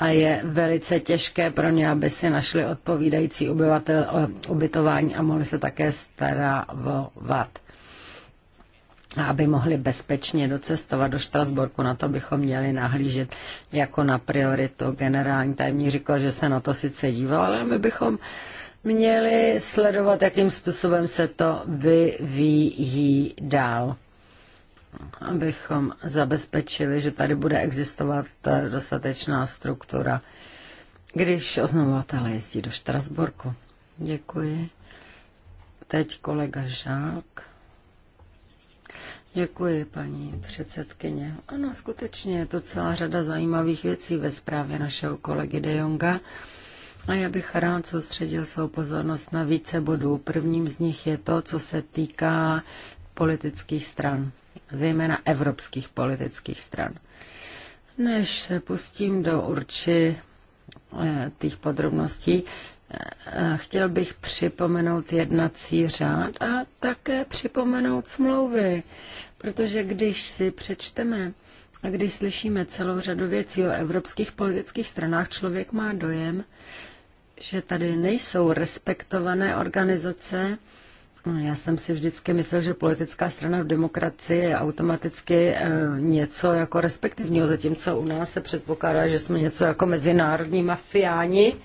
a je velice těžké pro ně, aby si našli odpovídající obyvatel, eh, ubytování a mohli se také starávovat. A aby mohli bezpečně docestovat do Štrasburku, na to bychom měli nahlížet jako na prioritu. Generální tajemník říkal, že se na to sice díval, ale my bychom měli sledovat, jakým způsobem se to vyvíjí dál abychom zabezpečili, že tady bude existovat dostatečná struktura, když oznamovatele jezdí do Štrasburku. Děkuji. Teď kolega Žák. Děkuji, paní předsedkyně. Ano, skutečně je to celá řada zajímavých věcí ve zprávě našeho kolegy De Jonga. A já bych rád soustředil svou pozornost na více bodů. Prvním z nich je to, co se týká politických stran zejména evropských politických stran. Než se pustím do určitých eh, těch podrobností, eh, chtěl bych připomenout jednací řád a také připomenout smlouvy, protože když si přečteme a když slyšíme celou řadu věcí o evropských politických stranách, člověk má dojem, že tady nejsou respektované organizace, No, já jsem si vždycky myslel, že politická strana v demokracii je automaticky eh, něco jako respektivního, zatímco u nás se předpokládá, že jsme něco jako mezinárodní mafiáni.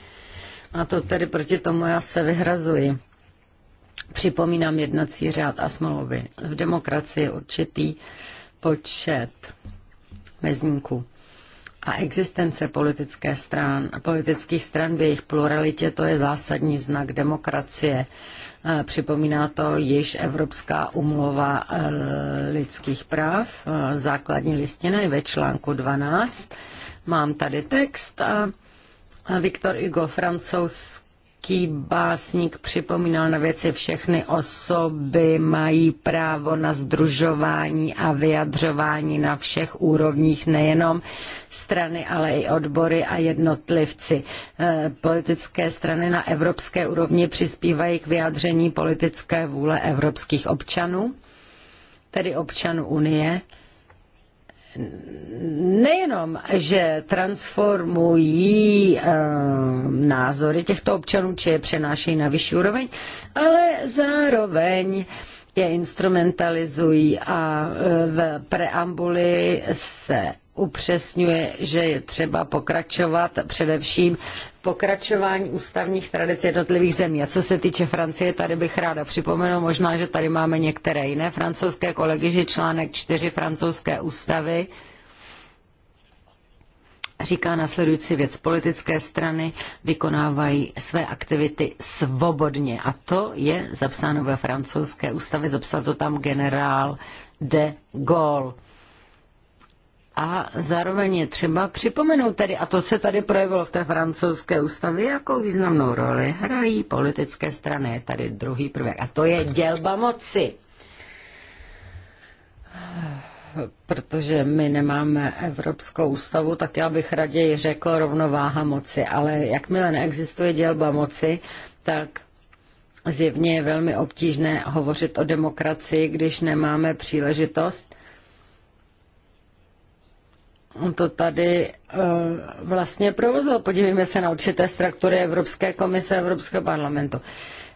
A to tedy proti tomu já se vyhrazuji. Připomínám jednací řád a smlouvy. V demokracii je určitý počet mezníků a existence politické stran, politických stran v jejich pluralitě, to je zásadní znak demokracie. E, připomíná to již Evropská umlova e, lidských práv, e, základní listina je ve článku 12. Mám tady text Viktor Hugo, francouzský velký básník připomínal na věci všechny osoby mají právo na združování a vyjadřování na všech úrovních, nejenom strany, ale i odbory a jednotlivci. Eh, politické strany na evropské úrovni přispívají k vyjádření politické vůle evropských občanů, tedy občanů Unie, nejenom, že transformují e, názory těchto občanů, či je přenášejí na vyšší úroveň, ale zároveň je instrumentalizují a eh, v preambuli se upřesňuje, že je třeba pokračovat především v pokračování ústavních tradic jednotlivých zemí. A co se týče Francie, tady bych ráda připomenul, možná, že tady máme některé jiné francouzské kolegy, že článek 4 francouzské ústavy říká nasledující věc. Politické strany vykonávají své aktivity svobodně a to je zapsáno ve francouzské ústavě, zapsal to tam generál de Gaulle a zároveň je třeba připomenout tedy, a to se tady projevilo v té francouzské ústavě, jakou významnou roli hrají politické strany. Je tady druhý prvek. A to je dělba moci protože my nemáme Evropskou ústavu, tak já bych raději řekl rovnováha moci, ale jakmile neexistuje dělba moci, tak zjevně je velmi obtížné hovořit o demokracii, když nemáme příležitost On to tady eh, vlastně provozoval. Podívejme se na určité struktury Evropské komise Evropského parlamentu.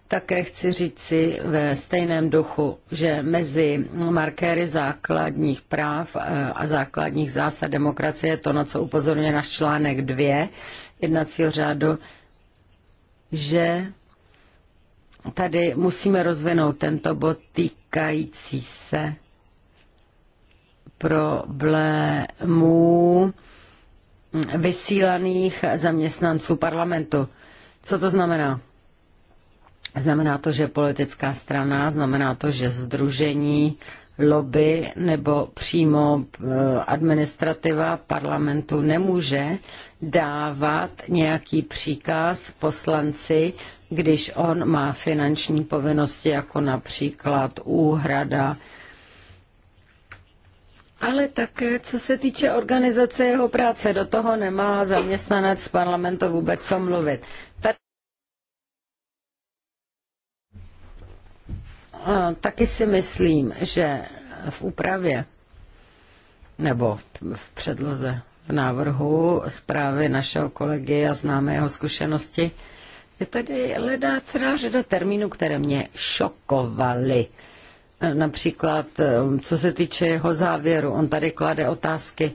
Také chci říci ve stejném duchu, že mezi markéry základních práv eh, a základních zásad demokracie, to, na co upozorňuje náš článek 2 jednacího řádu, že tady musíme rozvinout tento bod týkající se problémů vysílaných zaměstnanců parlamentu. Co to znamená? Znamená to, že politická strana, znamená to, že združení, lobby nebo přímo eh, administrativa parlamentu nemůže dávat nějaký příkaz poslanci, když on má finanční povinnosti, jako například úhrada ale také, co se týče organizace jeho práce, do toho nemá zaměstnanec parlamentu vůbec co mluvit. Tady A taky si myslím, že v úpravě nebo v, v předloze v návrhu zprávy našeho kolegy a známe jeho zkušenosti, je tady hledá celá řada termínů, které mě šokovaly. Například, um, co se týče jeho závěru, on tady klade otázky,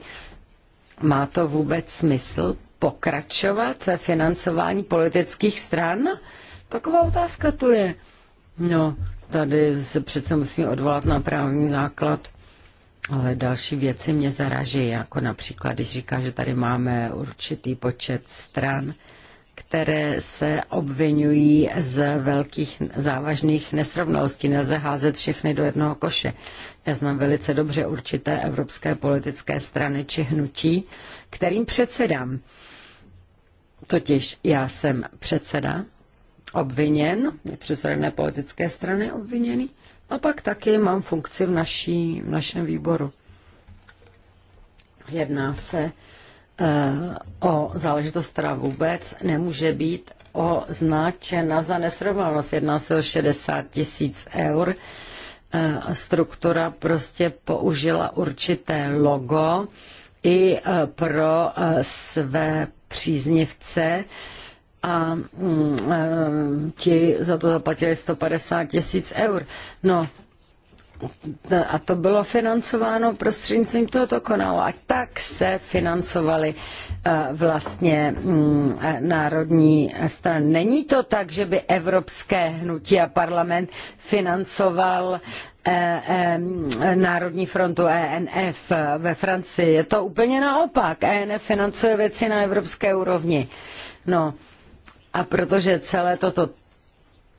má to vůbec smysl pokračovat ve financování politických stran? Taková otázka tu je. No, tady se přece musím odvolat na právní základ. Ale další věci mě zaraží, jako například, když říká, že tady máme určitý počet stran, které se obvinují z velkých závažných nesrovnalostí. Nelze házet všechny do jednoho koše. Já znám velice dobře určité evropské politické strany či hnutí, kterým předsedám. Totiž já jsem předseda obviněn, předseda politické strany obviněný, a pak taky mám funkci v, naší, v našem výboru. Jedná se Eh, o záležitost, která vůbec nemůže být označena za nesrovnalost. Jedná se o 60 tisíc eur. Eh, struktura prostě použila určité logo i eh, pro své příznivce a mm, ti za to zaplatili 150 tisíc eur. No, No, a to bylo financováno prostřednictvím tohoto kanálu. A tak se financovaly eh, vlastně mm, eh, národní strany. Není to tak, že by Evropské hnutí a parlament financoval eh, Národní frontu ENF ve Francii. Je to úplně naopak. ENF financuje věci na evropské úrovni. No a protože celé toto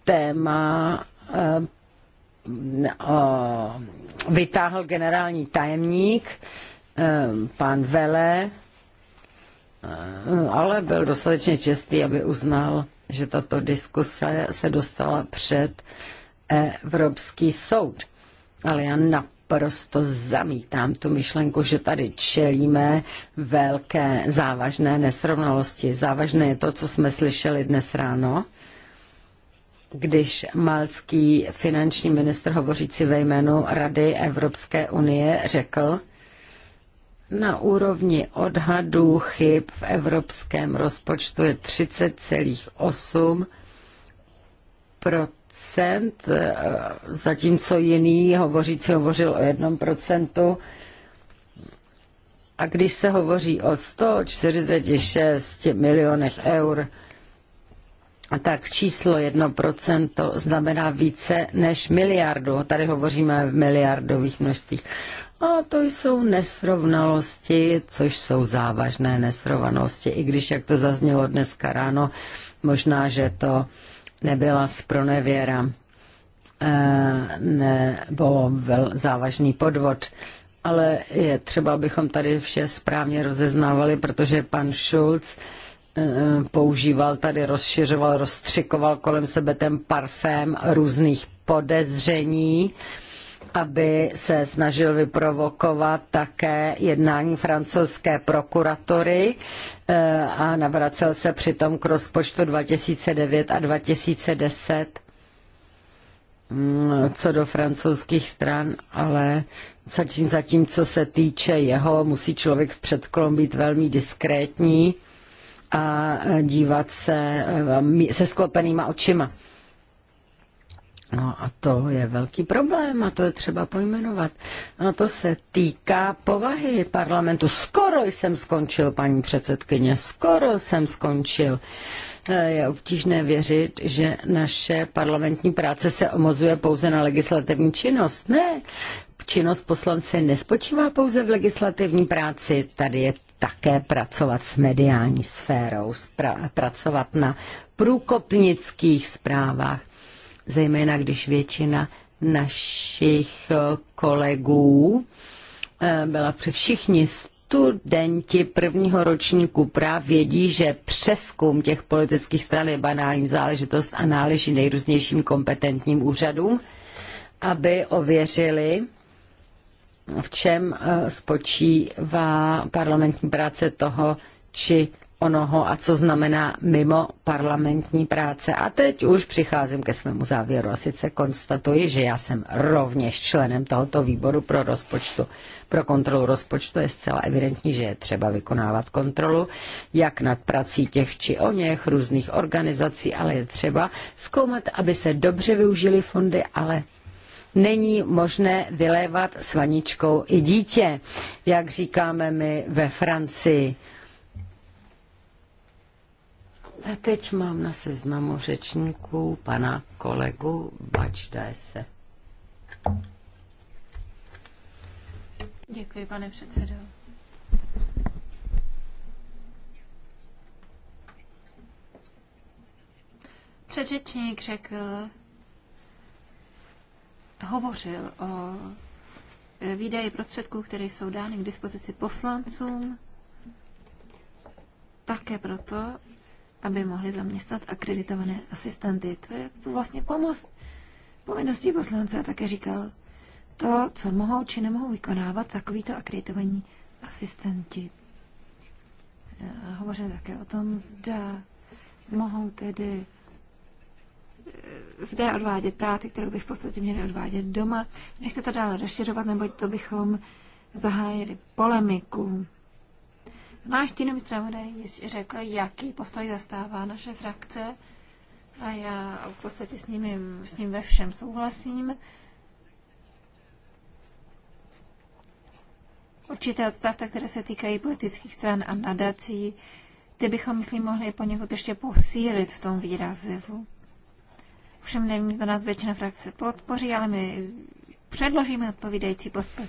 téma vytáhl generální tajemník, eh, pan Vele, eh, ale byl dostatečně čestý, aby uznal, že tato diskuse se dostala před Evropský soud. Ale já naprosto zamítám tu myšlenku, že tady čelíme velké závažné nesrovnalosti. Závažné je to, co jsme slyšeli dnes ráno když malský finanční ministr hovořící ve jménu Rady Evropské unie řekl, na úrovni odhadů chyb v evropském rozpočtu je 30,8 procent, eh, zatímco jiný hovořící hovořil o jednom procentu. A když se hovoří o 146 milionech eur, tak číslo 1% znamená více než miliardu. Tady hovoříme v miliardových množstvích. A to jsou nesrovnalosti, což jsou závažné nesrovnalosti, i když, jak to zaznělo dneska ráno, možná, že to nebyla spronevěra eh, nebo závažný podvod. Ale je třeba, abychom tady vše správně rozeznávali, protože pan Schulz Eh, používal tady, rozšiřoval, rozstřikoval kolem sebe ten parfém různých podezření, aby se snažil vyprovokovat také jednání francouzské prokuratory eh, a navracel se přitom k rozpočtu 2009 a 2010 mm, co do francouzských stran, ale zatím, co se týče jeho, musí člověk v předkolom být velmi diskrétní a dívat se se sklopenýma očima. No a to je velký problém a to je třeba pojmenovat. A to se týká povahy parlamentu. Skoro jsem skončil, paní předsedkyně, skoro jsem skončil. Je obtížné věřit, že naše parlamentní práce se omozuje pouze na legislativní činnost. Ne, činnost poslance nespočívá pouze v legislativní práci. Tady je také pracovat s mediální sférou, pracovat na průkopnických zprávách, zejména když většina našich eh, kolegů eh, byla při všichni studenti prvního ročníku práv vědí, že přeskum těch politických stran je banální záležitost a náleží nejrůznějším kompetentním úřadům, aby ověřili, v čem eh, spočívá parlamentní práce toho či onoho a co znamená mimo parlamentní práce. A teď už přicházím ke svému závěru a sice konstatuji, že já jsem rovněž členem tohoto výboru pro rozpočtu. Pro kontrolu rozpočtu je zcela evidentní, že je třeba vykonávat kontrolu, jak nad prací těch či o něch různých organizací, ale je třeba zkoumat, aby se dobře využili fondy, ale není možné vylévat s vaničkou i dítě, jak říkáme my ve Francii. A teď mám na seznamu řečníků pana kolegu Bačdese. Děkuji, pane předsedo. Předřečník řekl, hovořil o e, výdaji prostředků, které jsou dány k dispozici poslancům, také proto, aby mohli zaměstnat akreditované asistenty. To je vlastně pomoc povinností poslance. A také říkal, to, co mohou či nemohou vykonávat takovýto akreditovaní asistenti. E, hovořil také o tom, zda mohou tedy zde odvádět práci, kterou bych v podstatě měli odvádět doma. Nechci to dále rozšiřovat, neboť to bychom zahájili polemiku. Náš týnový zpravodaj již řekl, jaký postoj zastává naše frakce a já v podstatě s, nimi, s ním ve všem souhlasím. Určité odstavce, které se týkají politických stran a nadací, ty bychom, myslím, mohli poněkud ještě posílit v tom výrazivu. Ovšem nevím, zda nás většina frakce podpoří, ale my předložíme odpovídající postup.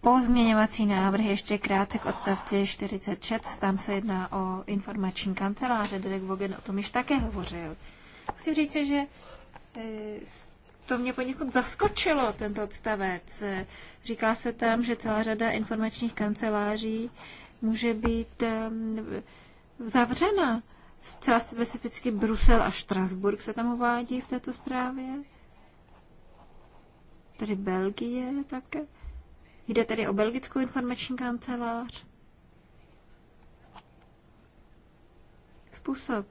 Pozměňovací návrh ještě krátce k odstavci 46. Tam se jedná o informační kanceláře. Derek Vogen o tom již také hovořil. Musím říct, že e, to mě poněkud zaskočilo, tento odstavec. E, říká se tam, že celá řada informačních kanceláří může být zavřena. Zcela specificky Brusel a Štrasburg se tam uvádí v této zprávě. Tady Belgie také. Jde tady o belgickou informační kancelář. Způsob,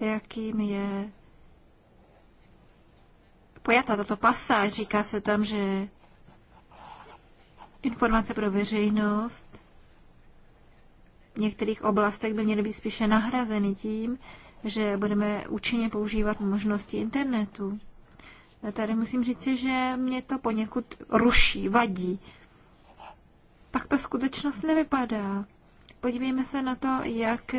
jakým je pojata tato pasáž, říká se tam, že informace pro veřejnost v některých oblastech by měly být spíše nahrazeny tím, že budeme účinně používat možnosti internetu. Já tady musím říct, že mě to poněkud ruší, vadí. Tak to skutečnost nevypadá. Podívejme se na to, jak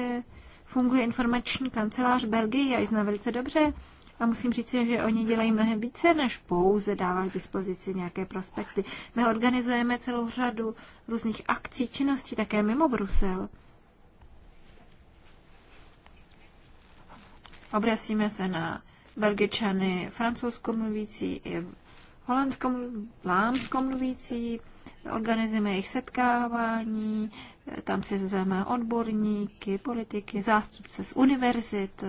funguje informační kancelář Belgie. Já ji znám velice dobře. A musím říct, že oni dělají mnohem více, než pouze dávám k dispozici nějaké prospekty. My organizujeme celou řadu různých akcí, činností také mimo Brusel. Obracíme se na Belgičany, francouzsko mluvící, holandsko, lámsko mluvící, organizujeme jejich setkávání, tam si zveme odborníky, politiky, zástupce z univerzit,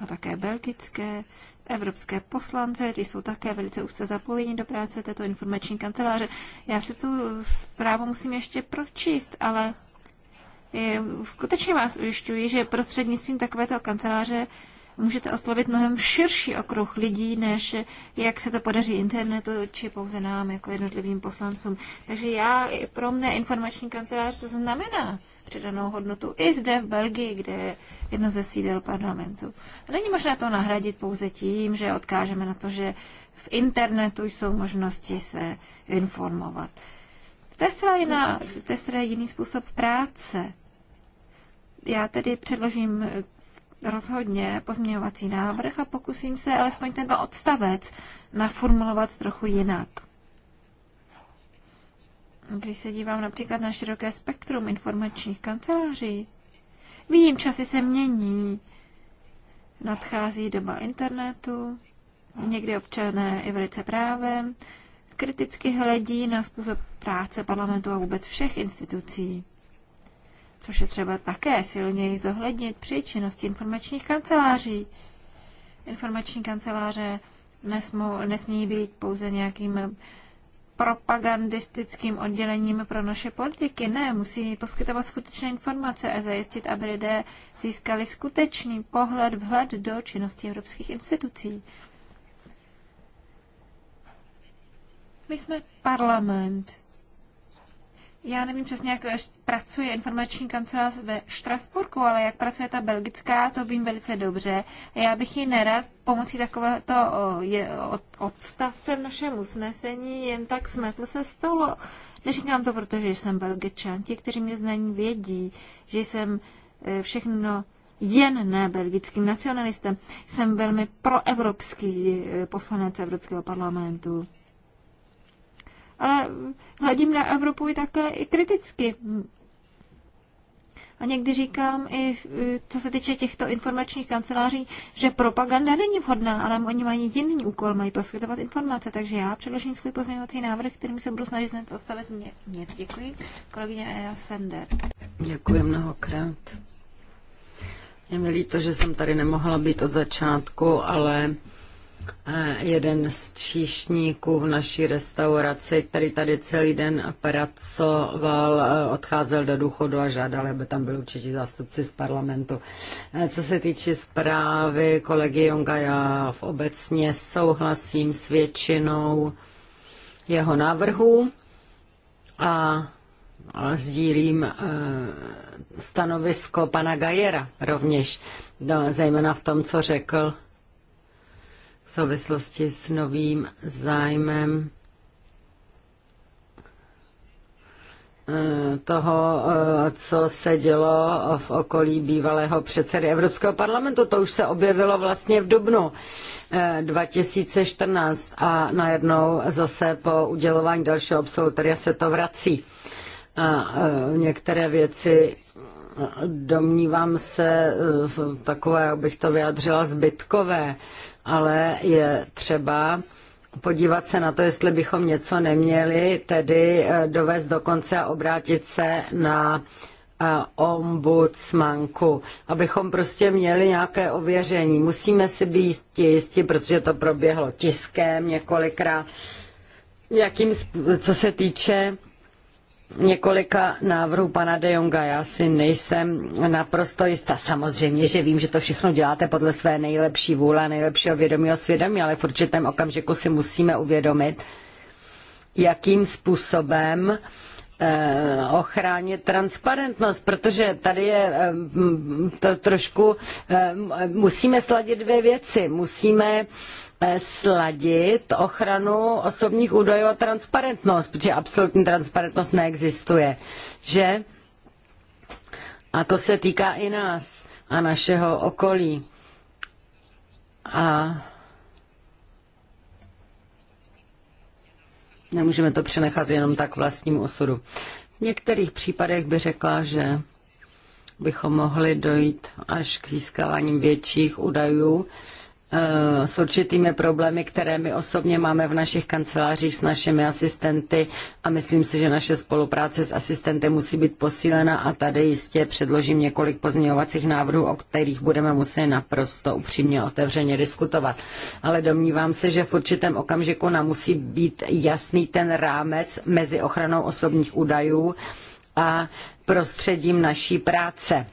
a také belgické evropské poslance, ty jsou také velice úzce zapojeni do práce této informační kanceláře. Já si tu zprávu musím ještě pročíst, ale je, skutečně vás ujišťuji, že prostřednictvím takovéto kanceláře můžete oslovit mnohem širší okruh lidí, než jak se to podaří internetu, či pouze nám jako jednotlivým poslancům. Takže já, pro mne informační kancelář znamená přidanou hodnotu i zde v Belgii, kde je jedno ze sídel parlamentu. A není možné to nahradit pouze tím, že odkážeme na to, že v internetu jsou možnosti se informovat. To je zcela, jiná, to je zcela jiný způsob práce. Já tedy předložím rozhodně pozměňovací návrh a pokusím se alespoň tento odstavec naformulovat trochu jinak. Když se dívám například na široké spektrum informačních kanceláří, vidím, časy se mění. Nadchází doba internetu, někdy občané i velice právem, kriticky hledí na způsob práce parlamentu a vůbec všech institucí což je třeba také silněji zohlednit při činnosti informačních kanceláří. Informační kanceláře nesmou, nesmí být pouze nějakým propagandistickým oddělením pro naše politiky. Ne, musí poskytovat skutečné informace a zajistit, aby lidé získali skutečný pohled, vhled do činnosti evropských institucí. My jsme parlament já nevím přesně, jak pracuje informační kancelář ve Štrasburku, ale jak pracuje ta belgická, to vím velice dobře. Já bych ji nerad pomocí takovéto odstavce v našem usnesení jen tak smetl se stolu. Neříkám to, protože jsem belgičan. Ti, kteří mě znají, vědí, že jsem e, všechno jen ne belgickým nacionalistem. Jsem velmi proevropský e, poslanec Evropského parlamentu ale hledím na Evropu i také i kriticky. A někdy říkám i, eh, co se týče těchto informačních kanceláří, že propaganda není vhodná, ale oni mají jiný úkol, mají poskytovat informace, takže já předložím svůj pozměňovací návrh, kterým se budu snažit tento odstavec změnit. Děkuji, kolegyně Eja Sender. Děkuji mnohokrát. Je mi líto, že jsem tady nemohla být od začátku, ale jeden z číšníků v naší restauraci, který tady celý den pracoval, e, odcházel do důchodu a žádal, aby tam byl určitě zástupci z parlamentu. E, co se týče zprávy kolegy Jonga, já v obecně souhlasím s většinou jeho návrhů a sdílím e, stanovisko pana Gajera rovněž, zejména v tom, co řekl v souvislosti s novým zájmem eh, toho, eh, co se dělo v okolí bývalého předsedy Evropského parlamentu. To už se objevilo vlastně v dubnu 2014 eh, a najednou zase po udělování dalšího absolutoria se to vrací. A některé věci domnívám se, eh, takové, abych to vyjadřila, zbytkové, ale je třeba podívat se na to, jestli bychom něco neměli tedy eh, dovést do konce a obrátit se na eh, ombudsmanku, abychom prostě měli nějaké ověření. Musíme si být jistí, protože to proběhlo tiskem několikrát, jakým, co se týče několika návrhů pana De Jonga. Já si nejsem naprosto jistá. Samozřejmě, že vím, že to všechno děláte podle své nejlepší vůle, nejlepšího vědomí a svědomí, ale v určitém okamžiku si musíme uvědomit, jakým způsobem eh, ochránit transparentnost, protože tady je eh, to trošku, eh, musíme sladit dvě věci. Musíme sladit ochranu osobních údajů a transparentnost, protože absolutní transparentnost neexistuje, že? A to se týká i nás a našeho okolí. A nemůžeme to přenechat jenom tak vlastním osudu. V některých případech by řekla, že bychom mohli dojít až k získávání větších údajů, Eh, s určitými problémy, které my osobně máme v našich kancelářích s našimi asistenty a myslím si, že naše spolupráce s asistenty musí být posílena a tady jistě předložím několik pozměňovacích návrhů, o kterých budeme muset naprosto upřímně otevřeně diskutovat. Ale domnívám se, že v určitém okamžiku nám musí být jasný ten rámec mezi ochranou osobních údajů a prostředím naší práce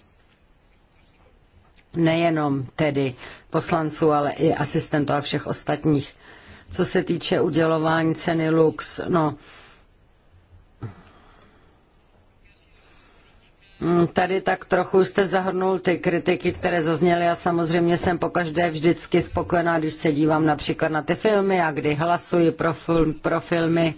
nejenom tedy poslanců, ale i asistentů a všech ostatních. Co se týče udělování ceny Lux, no, mm, Tady tak trochu jste zahrnul ty kritiky, které zazněly a samozřejmě jsem pokaždé vždycky spokojená, když se dívám například na ty filmy a kdy hlasuji pro, film, pro filmy.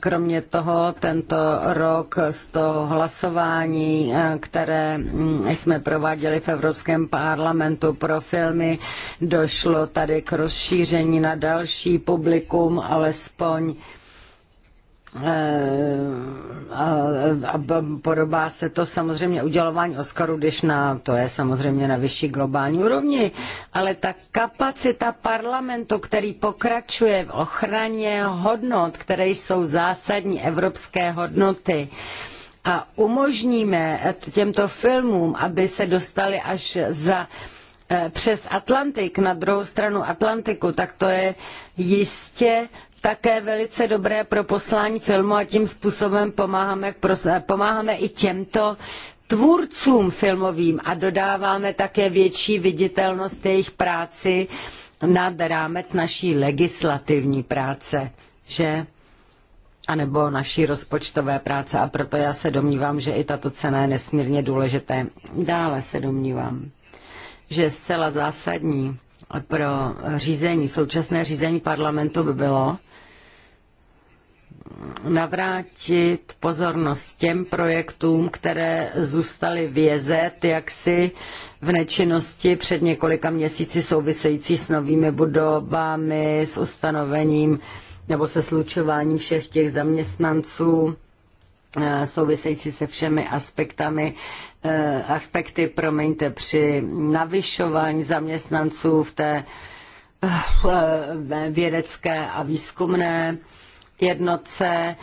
Kromě toho tento rok z toho hlasování, eh, které mm, jsme prováděli v Evropském parlamentu pro filmy, došlo tady k rozšíření na další publikum, alespoň Eh, a podobá se to samozřejmě udělování Oscaru, když na, to je samozřejmě na vyšší globální úrovni, ale ta kapacita parlamentu, který pokračuje v ochraně hodnot, které jsou zásadní evropské hodnoty, a umožníme těmto filmům, aby se dostali až za eh, přes Atlantik, na druhou stranu Atlantiku, tak to je jistě také velice dobré pro poslání filmu a tím způsobem pomáháme, eh, pomáháme i těmto tvůrcům filmovým a dodáváme také větší viditelnost jejich práci nad rámec naší legislativní práce, že? anebo naší rozpočtové práce a proto já se domnívám, že i tato cena je nesmírně důležité. Dále se domnívám, že zcela zásadní pro řízení, současné řízení parlamentu by bylo, navrátit pozornost těm projektům, které zůstaly vězet jaksi v nečinnosti před několika měsíci související s novými budovami, s ustanovením nebo se slučováním všech těch zaměstnanců eh, související se všemi aspektami, eh, aspekty, promiňte, při navyšování zaměstnanců v té eh, vědecké a výzkumné jednotce.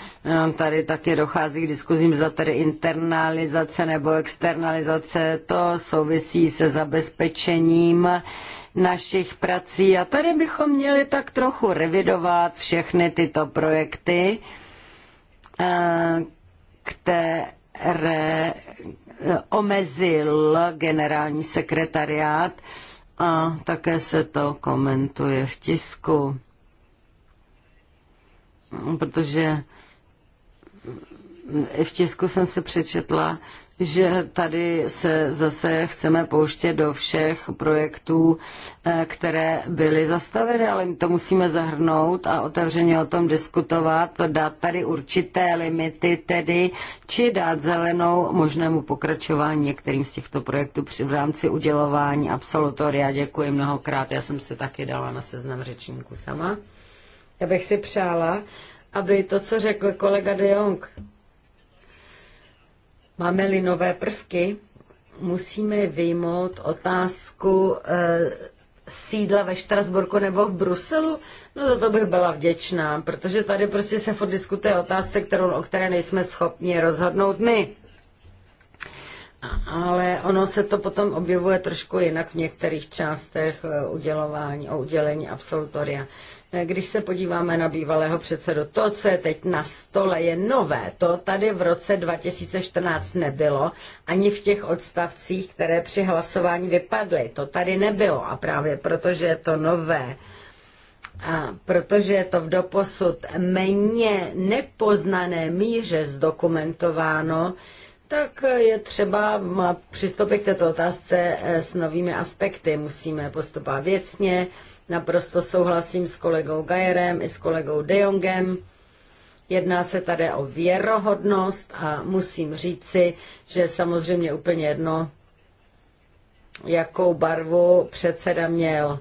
Tady také dochází k diskuzím, za tedy internalizace nebo externalizace. To souvisí se zabezpečením našich prací. A tady bychom měli tak trochu revidovat všechny tyto projekty, eh, které eh, omezil generální sekretariát a také se to komentuje v tisku protože v česku jsem se přečetla, že tady se zase chceme pouštět do všech projektů, eh, které byly zastaveny, ale my to musíme zahrnout a otevřeně o tom diskutovat, dát tady určité limity tedy, či dát zelenou možnému pokračování některým z těchto projektů v rámci udělování absolutoria. Děkuji mnohokrát, já jsem se taky dala na seznam řečníků sama. Já bych si přála, aby to, co řekl kolega de Jong, máme-li nové prvky, musíme vyjmout otázku e, sídla ve Štrasburku nebo v Bruselu? No za to bych byla vděčná, protože tady prostě se furt diskutuje otázce, kterou, o které nejsme schopni rozhodnout my ale ono se to potom objevuje trošku jinak v některých částech eh, udělování, o udělení absolutoria. Eh, když se podíváme na bývalého předsedu, to, co je teď na stole, je nové. To tady v roce 2014 nebylo, ani v těch odstavcích, které při hlasování vypadly. To tady nebylo a právě protože je to nové, a protože je to v doposud méně nepoznané míře zdokumentováno, tak je třeba přistoupit k této otázce eh, s novými aspekty. Musíme postupovat věcně, naprosto souhlasím s kolegou Gajerem i s kolegou De Jongem. Jedná se tady o věrohodnost a musím říci, že samozřejmě úplně jedno, jakou barvu předseda měl.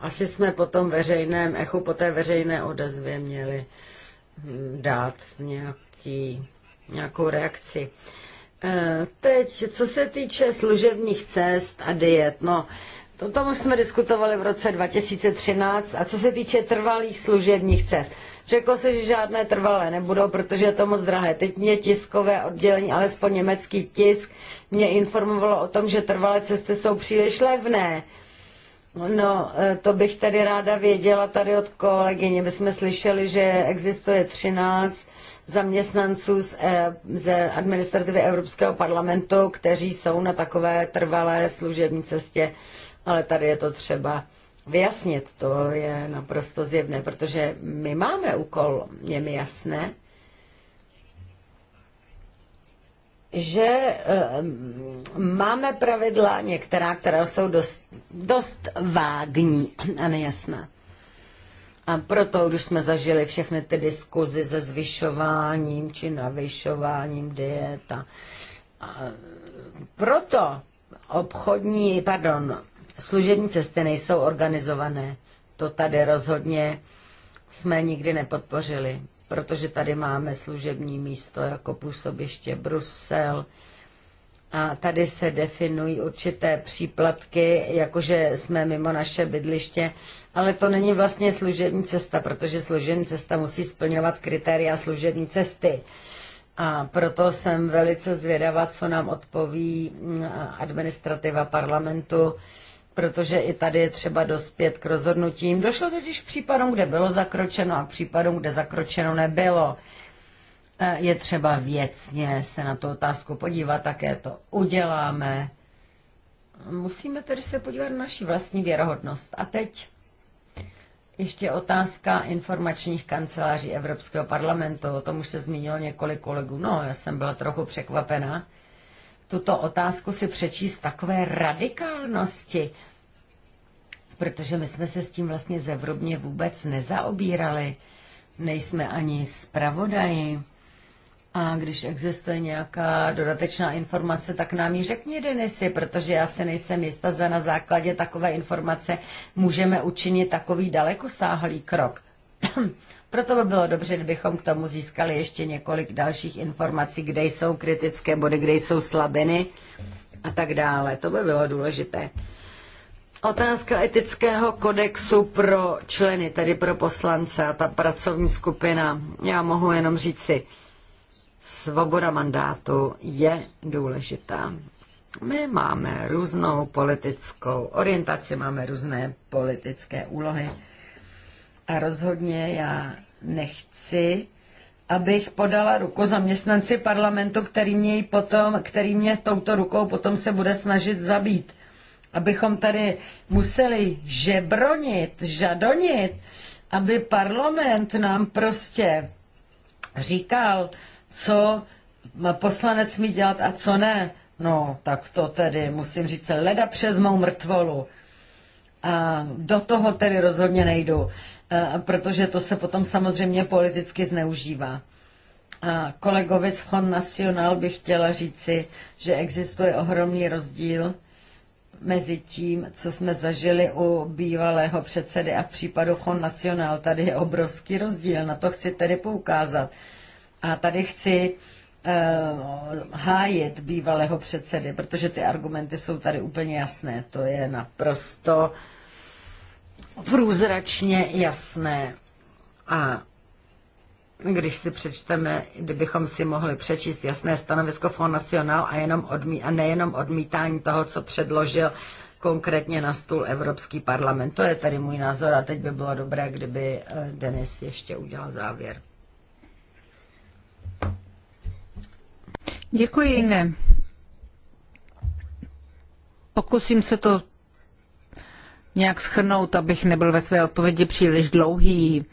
Asi jsme po tom veřejném echu, po té veřejné odezvě měli hm, dát nějaký nějakou reakci. E, teď, co se týče služebních cest a diet, no, to tam jsme diskutovali v roce 2013. A co se týče trvalých služebních cest, řeklo se, že žádné trvalé nebudou, protože je to moc drahé. Teď mě tiskové oddělení, alespoň německý tisk, mě informovalo o tom, že trvalé cesty jsou příliš levné. No, e, to bych tady ráda věděla tady od kolegyně. My jsme slyšeli, že existuje 13 zaměstnanců z, eh, z administrativy Evropského parlamentu, kteří jsou na takové trvalé služební cestě, ale tady je to třeba vyjasnit. To je naprosto zjevné, protože my máme úkol, je mi jasné, že eh, máme pravidla některá, která jsou dost, dost vágní a nejasná. A proto, když jsme zažili všechny ty diskuzi se zvyšováním či navyšováním diet, a, a proto obchodní, pardon, služební cesty nejsou organizované. To tady rozhodně jsme nikdy nepodpořili, protože tady máme služební místo jako působiště Brusel, a tady se definují určité příplatky, jakože jsme mimo naše bydliště, ale to není vlastně služební cesta, protože služební cesta musí splňovat kritéria služební cesty. A proto jsem velice zvědavá, co nám odpoví mm, administrativa parlamentu, protože i tady je třeba dospět k rozhodnutím. Došlo totiž k případům, kde bylo zakročeno a k případům, kde zakročeno nebylo. Eh, je třeba věcně se na tu otázku podívat, také to uděláme. Musíme tedy se podívat na naši vlastní věrohodnost. A teď ještě otázka informačních kanceláří Evropského parlamentu. O tom už se zmínilo několik kolegů. No, já jsem byla trochu překvapena. Tuto otázku si přečíst takové radikálnosti, protože my jsme se s tím vlastně zevrubně vůbec nezaobírali. Nejsme ani zpravodaji a když existuje nějaká dodatečná informace, tak nám ji řekni, Denisy, protože já se nejsem jistá, zda na základě takové informace můžeme učinit takový dalekosáhlý krok. Proto by bylo dobře, kdybychom k tomu získali ještě několik dalších informací, kde jsou kritické body, kde jsou slabiny a tak dále. To by bylo důležité. Otázka etického kodexu pro členy, tedy pro poslance a ta pracovní skupina. Já mohu jenom říci, si Svoboda mandátu je důležitá. My máme různou politickou orientaci, máme různé politické úlohy. A rozhodně já nechci, abych podala ruku zaměstnanci parlamentu, který mě, potom, který mě touto rukou potom se bude snažit zabít. Abychom tady museli žebronit, žadonit, aby parlament nám prostě říkal, co poslanec smí dělat a co ne. No, tak to tedy, musím říct, leda přes mou mrtvolu. A do toho tedy rozhodně nejdu, e, protože to se potom samozřejmě politicky zneužívá. A kolegovi z Fond National bych chtěla říci, že existuje ohromný rozdíl mezi tím, co jsme zažili u bývalého předsedy a v případu Fond National. Tady je obrovský rozdíl, na to chci tedy poukázat. A tady chci eh, hájit bývalého předsedy, protože ty argumenty jsou tady úplně jasné. To je naprosto průzračně jasné. A když si přečteme, kdybychom si mohli přečíst jasné stanovisko Fond National a, jenom odmí, a nejenom odmítání toho, co předložil konkrétně na stůl Evropský parlament. To je tady můj názor a teď by bylo dobré, kdyby eh, Denis ještě udělal závěr. Děkuji, ne. Pokusím se to nějak schrnout, abych nebyl ve své odpovědi příliš dlouhý.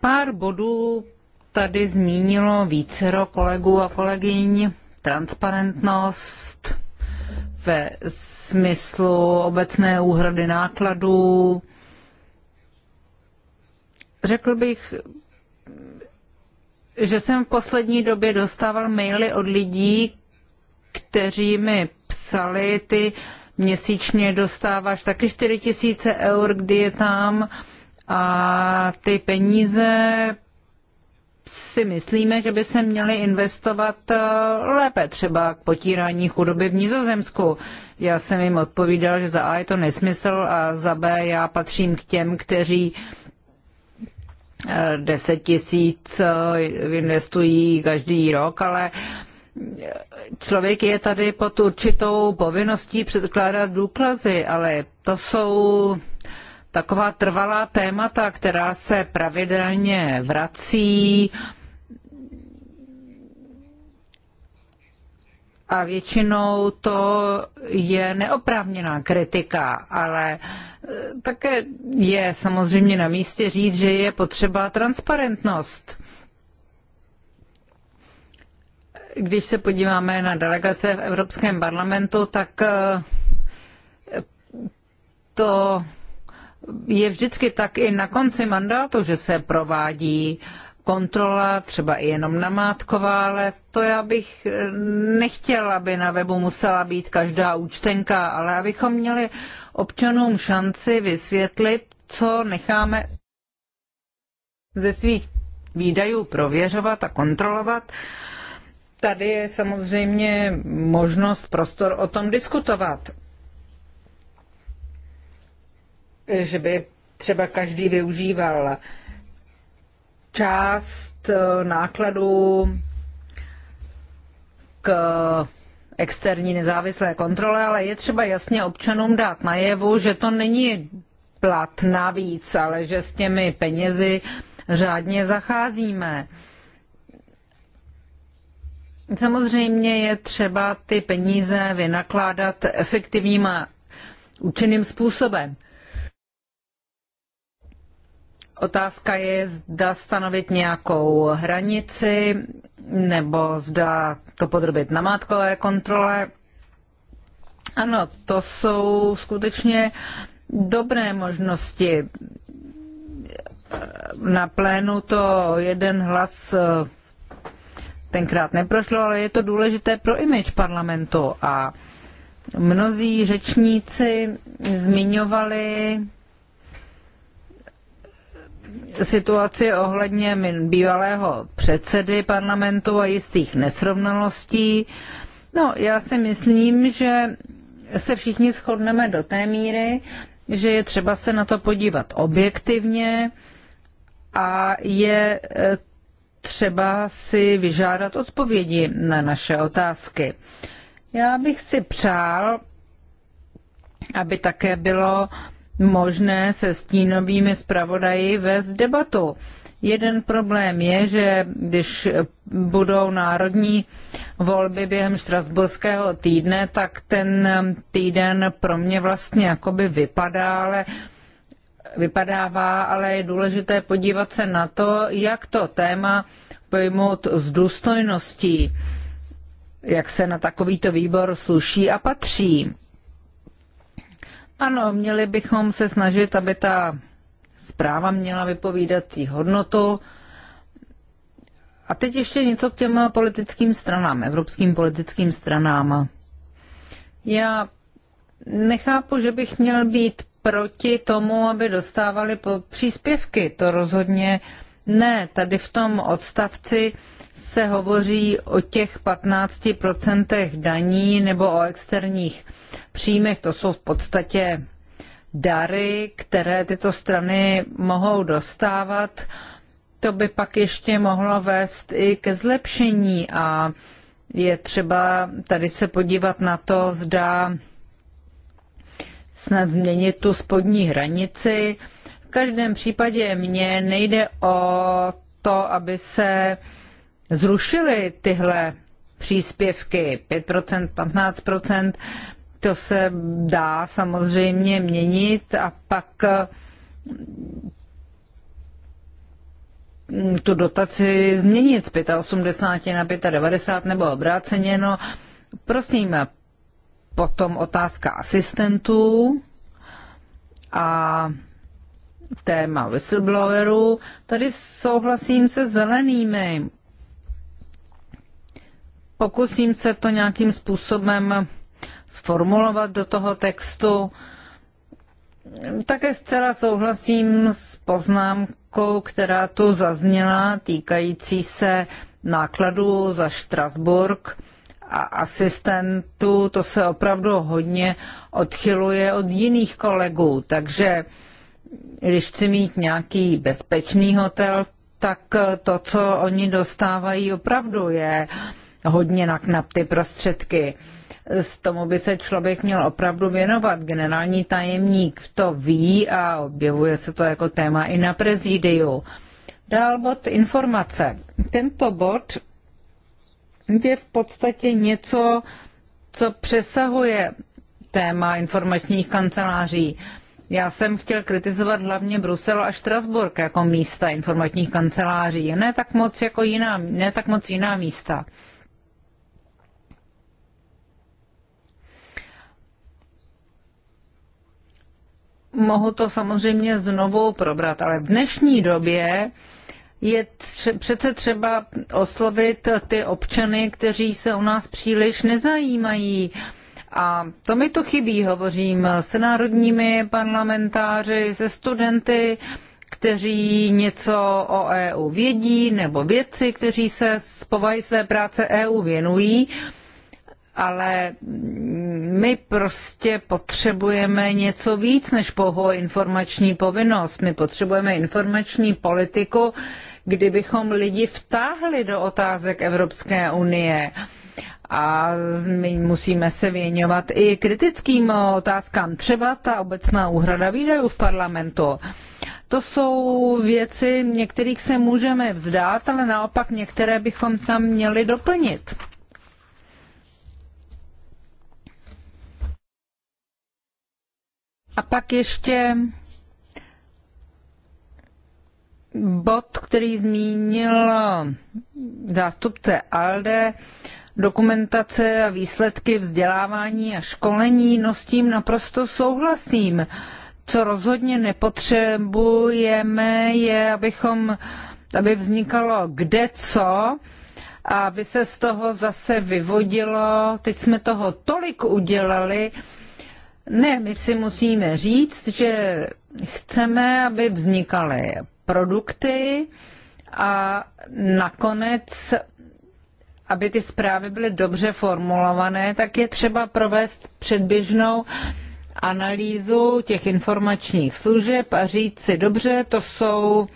Pár bodů tady zmínilo vícero kolegů a kolegyň. Transparentnost ve smyslu obecné úhrady nákladů. Řekl bych, že jsem v poslední době dostával maily od lidí, kteří mi psali, ty měsíčně dostáváš taky 4 tisíce eur, kdy je tam a ty peníze si myslíme, že by se měly investovat eh, lépe, třeba k potírání chudoby v Nizozemsku. Já jsem jim odpovídal, že za A je to nesmysl a za B já patřím k těm, kteří 10 tisíc eh, investují každý rok, ale člověk je tady pod určitou povinností předkládat důkazy, ale to jsou taková trvalá témata, která se pravidelně vrací. a většinou to je neoprávněná kritika, ale e, také je samozřejmě na místě říct, že je potřeba transparentnost. Když se podíváme na delegace v Evropském parlamentu, tak e, to je vždycky tak i na konci mandátu, že se provádí uh, kontrola, třeba i jenom namátková, ale to já bych eh, nechtěla, aby na webu musela být každá účtenka, ale abychom měli občanům šanci vysvětlit, co necháme ze svých výdajů prověřovat a kontrolovat. Tady je samozřejmě možnost, prostor o tom diskutovat. Že by třeba každý využíval část eh, nákladů k externí nezávislé kontrole, ale je třeba jasně občanům dát najevu, že to není plat navíc, ale že s těmi penězi řádně zacházíme. Samozřejmě je třeba ty peníze vynakládat efektivním a účinným způsobem. Otázka je, zda stanovit nějakou hranici, nebo zda to podrobit namátkové kontrole. Ano, to jsou skutečně dobré možnosti. Na plénu to jeden hlas eh, tenkrát neprošlo, ale je to důležité pro image parlamentu a mnozí řečníci zmiňovali situaci ohledně bývalého předsedy parlamentu a jistých nesrovnalostí. No, já si myslím, že se všichni shodneme do té míry, že je třeba se na to podívat objektivně a je e, třeba si vyžádat odpovědi na naše otázky. Já bych si přál, aby také bylo možné se stínovými zpravodaji vést debatu. Jeden problém je, že když budou národní volby během štrasburského týdne, tak ten týden pro mě vlastně jakoby vypadá, ale vypadává, ale je důležité podívat se na to, jak to téma pojmout s důstojností, jak se na takovýto výbor sluší a patří. Ano, měli bychom se snažit, aby ta zpráva měla vypovídací hodnotu. A teď ještě něco k těm politickým stranám, evropským politickým stranám. Já nechápu, že bych měl být proti tomu, aby dostávali příspěvky. To rozhodně ne. Tady v tom odstavci se hovoří o těch 15% daní nebo o externích příjmech. To jsou v podstatě dary, které tyto strany mohou dostávat. To by pak ještě mohlo vést i ke zlepšení a je třeba tady se podívat na to, zda snad změnit tu spodní hranici. V každém případě mně nejde o to, aby se uh, zrušili tyhle příspěvky 5%, 15%, to se dá samozřejmě měnit a pak mm, tu dotaci změnit z 85 na 95 nebo obráceně. No, prosím, potom otázka asistentů a téma whistleblowerů. Tady souhlasím se zelenými. Pokusím se to nějakým způsobem sformulovat do toho textu. Také zcela souhlasím s poznámkou, která tu zazněla, týkající se nákladů za Štrasburg a asistentů. To se opravdu hodně odchyluje od jiných kolegů, takže když chci mít nějaký bezpečný hotel, tak to, co oni dostávají, opravdu je uh, hodně na, na ty prostředky. Z tomu by se člověk měl opravdu věnovat. Generální tajemník to ví a objevuje se to jako téma i na prezidiu. Dál bod informace. Tento bod je v podstatě něco, co přesahuje téma informačních kanceláří. Já jsem chtěl kritizovat hlavně Brusel a Štrasburg jako místa informačních kanceláří, ne tak moc jako jiná, ne tak moc jiná místa. mohu to samozřejmě znovu probrat, ale v dnešní době je tře- přece třeba oslovit ty občany, kteří se o nás příliš nezajímají. A to mi to chybí, hovořím s národními parlamentáři, se studenty, kteří něco o EU vědí, nebo vědci, kteří se z povahy své práce EU věnují ale my prostě potřebujeme něco víc než pouhou informační povinnost. My potřebujeme informační politiku, kdybychom lidi vtáhli do otázek Evropské unie. A my musíme se věňovat i kritickým otázkám, třeba ta obecná úhrada výdajů v parlamentu. To jsou věci, některých se můžeme vzdát, ale naopak některé bychom tam měli doplnit. A pak ještě bod, který zmínil zástupce ALDE, dokumentace a výsledky vzdělávání a školení, no s tím naprosto souhlasím. Co rozhodně nepotřebujeme, je, abychom, aby vznikalo kde co, a aby se z toho zase vyvodilo, teď jsme toho tolik udělali, ne, my si musíme říct, že chceme, aby vznikaly produkty a nakonec, aby ty zprávy byly dobře formulované, tak je třeba provést předběžnou analýzu těch informačních služeb a říct si, dobře, to jsou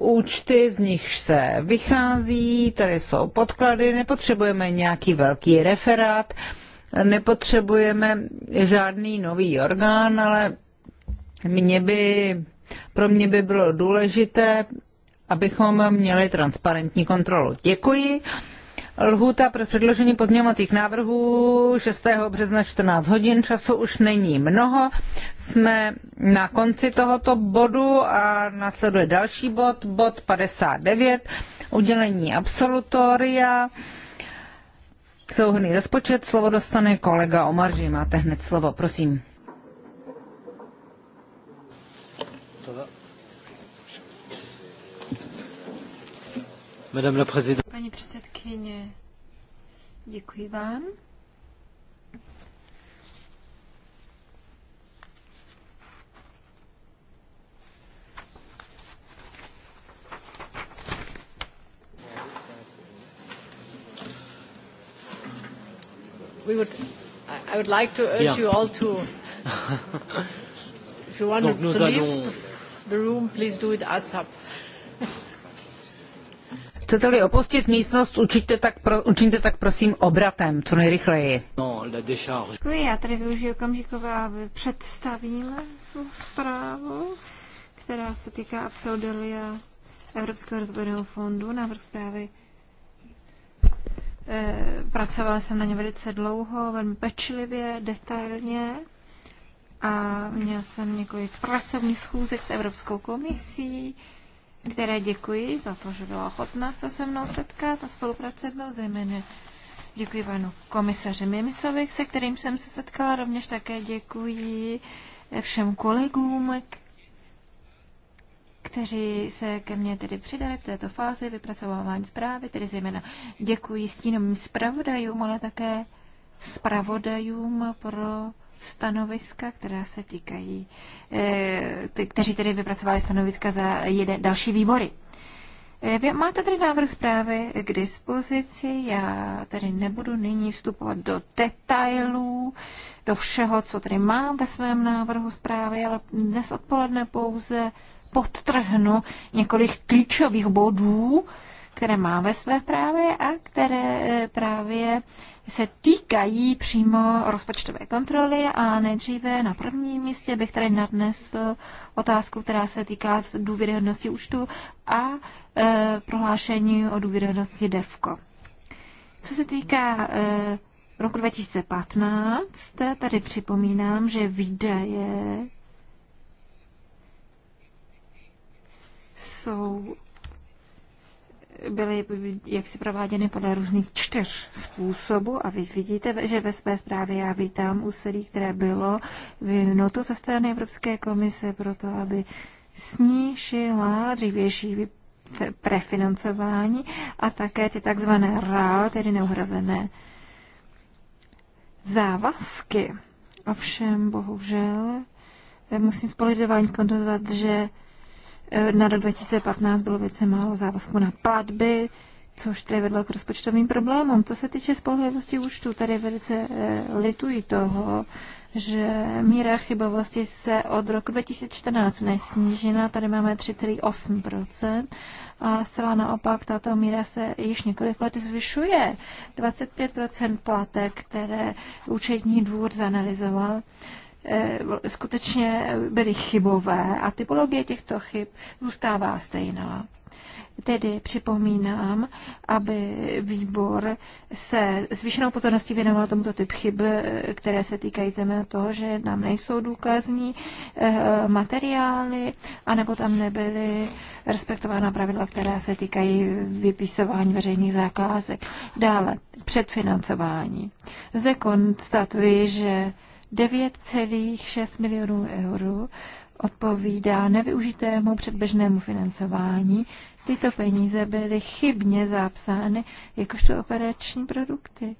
účty, z nichž se vychází, tady jsou podklady, nepotřebujeme nějaký velký referát, nepotřebujeme žádný nový orgán, ale mě by, pro mě by bylo důležité, abychom měli transparentní kontrolu. Děkuji. Lhuta pro předložení podněvacích návrhů 6. března 14 hodin, času už není mnoho. Jsme na konci tohoto bodu a následuje další bod, bod 59, udělení absolutoria souhrný rozpočet. Slovo dostane kolega Omarži. Máte hned slovo, prosím. Paní předsedkyně, děkuji vám. we would, I would like to urge Bien. you all to, if you want Donc, to leave allons... the room, please do it ASAP. Chcete-li opustit místnost, učiňte tak, pro, učiňte tak prosím obratem, co nejrychleji. No, Děkuji, já tady využiju okamžikové, aby představila svou zprávu, která se týká absolutoria Evropského rozvojového fondu, návrh zprávy Eh, pracovala jsem na ně velice dlouho, velmi pečlivě, detailně a měla jsem několik pracovních schůzek s Evropskou komisí, které děkuji za to, že byla ochotná se se mnou setkat a spolupracovat mnou zejména Děkuji panu komisaři Mimicovi, se kterým jsem se setkala. Rovněž také děkuji všem kolegům, kteří se ke mně tedy přidali v této fázi vypracovávání zprávy, tedy zejména děkuji stínovým zpravodajům, ale také zpravodajům pro stanoviska, která se týkají, eh, kteří tedy vypracovali stanoviska za jeden, další výbory. Eh, vy máte tedy návrh zprávy k dispozici, já tedy nebudu nyní vstupovat do detailů, do všeho, co tedy mám ve svém návrhu zprávy, ale dnes odpoledne pouze podtrhnu několik klíčových bodů, které má ve své právě a které eh, právě se týkají přímo rozpočtové kontroly a nejdříve na prvním místě bych tady nadnesl otázku, která se týká důvěryhodnosti účtu a e, prohlášení o důvěryhodnosti DEVKO. Co se týká e, roku 2015, tady připomínám, že výdaje jsou byly jaksi prováděny podle různých čtyř způsobů a vy vidíte, že ve své zprávě já vítám úsilí, které bylo vyvinuto ze strany Evropské komise pro to, aby snížila dřívější prefinancování a také ty takzvané RAL, tedy neuhrazené závazky. Ovšem, bohužel, musím spolidování kontrolovat, že Eh, na rok 2015 bylo věce málo závazku na platby, což tedy vedlo k rozpočtovým problémům. Co se týče spolehlivosti účtu, tady velice eh, litují toho, že míra chybovosti se od roku 2014 nesnížila, tady máme 3,8% a zcela naopak tato míra se již několik let zvyšuje. 25% platek, které účetní dvůr zanalizoval, Eh, skutečně byly chybové a typologie těchto chyb zůstává stejná. Tedy připomínám, aby výbor se zvýšenou pozorností věnoval tomuto typ chyb, eh, které se týkají zejména toho, že nám nejsou důkazní eh, materiály, anebo tam nebyly respektována pravidla, která se týkají vypisování veřejných zakázek. Dále, předfinancování. Zde konstatuji, že 9,6 milionů eur odpovídá nevyužitému předběžnému financování. Tyto peníze byly chybně zapsány jakožto operační produkty.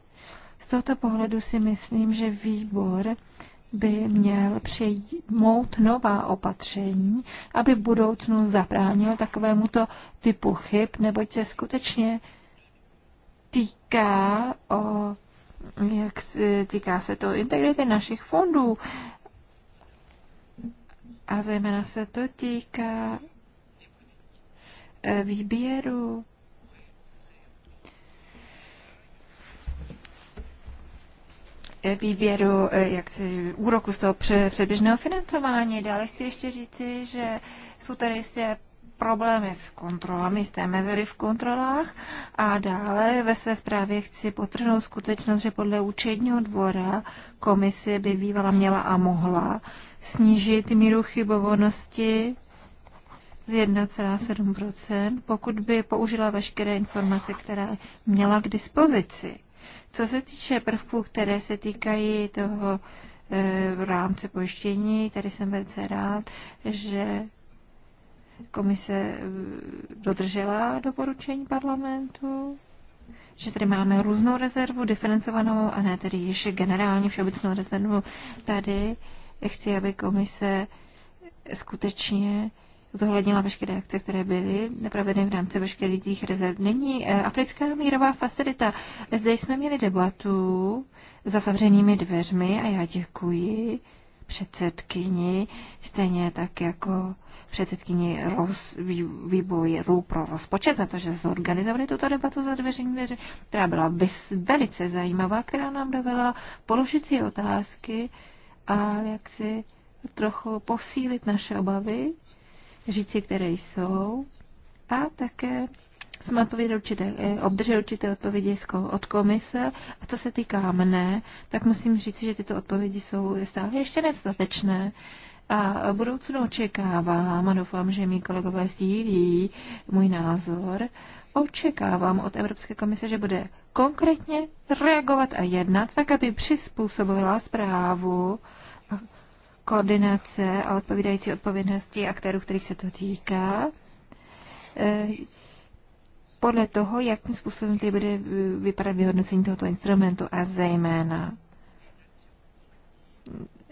Z tohoto pohledu si myslím, že výbor by měl přijmout nová opatření, aby v budoucnu zabránil takovémuto typu chyb, neboť se skutečně týká o jak týká se to integrity našich fondů. A zejména se to týká e, výběru e, výběru e, jak si, úroku z toho předběžného financování. Dále chci ještě říci, že jsou tady jistě problémy s kontrolami, z mezery v kontrolách. A dále ve své zprávě chci potrhnout skutečnost, že podle účetního dvora komise by bývala měla a mohla snížit míru chybovonosti z 1,7%, pokud by použila veškeré informace, které měla k dispozici. Co se týče prvků, které se týkají toho eh, v rámci pojištění. Tady jsem velice rád, že komise eh, dodržela doporučení parlamentu, že tady máme různou rezervu, diferencovanou a ne tedy již generální všeobecnou rezervu. Tady chci, aby komise skutečně zohlednila veškeré akce, které byly napraveny v rámci veškerých těch rezerv. Není eh, africká mírová facilita. Zde jsme měli debatu za zavřenými dveřmi a já děkuji předsedkyni, stejně tak jako předsedkyni roz, výboru pro rozpočet za to, že zorganizovali tuto debatu za dveřní dveře, která byla bys, velice zajímavá, která nám dovela položit si otázky a jak si trochu posílit naše obavy, říci, které jsou a také jsme odpověděli určité, eh, obdrželi určité odpovědi od komise. A co se týká mne, tak musím říct, že tyto odpovědi jsou stále ještě nedostatečné. A budoucnu očekávám, a doufám, že mý kolegové sdílí můj názor, očekávám od Evropské komise, že bude konkrétně reagovat a jednat tak, aby přizpůsobila zprávu a koordinace a odpovídající odpovědnosti aktérů, kterých se to týká, e, podle toho, jakým způsobem tedy bude vypadat vyhodnocení tohoto instrumentu a zejména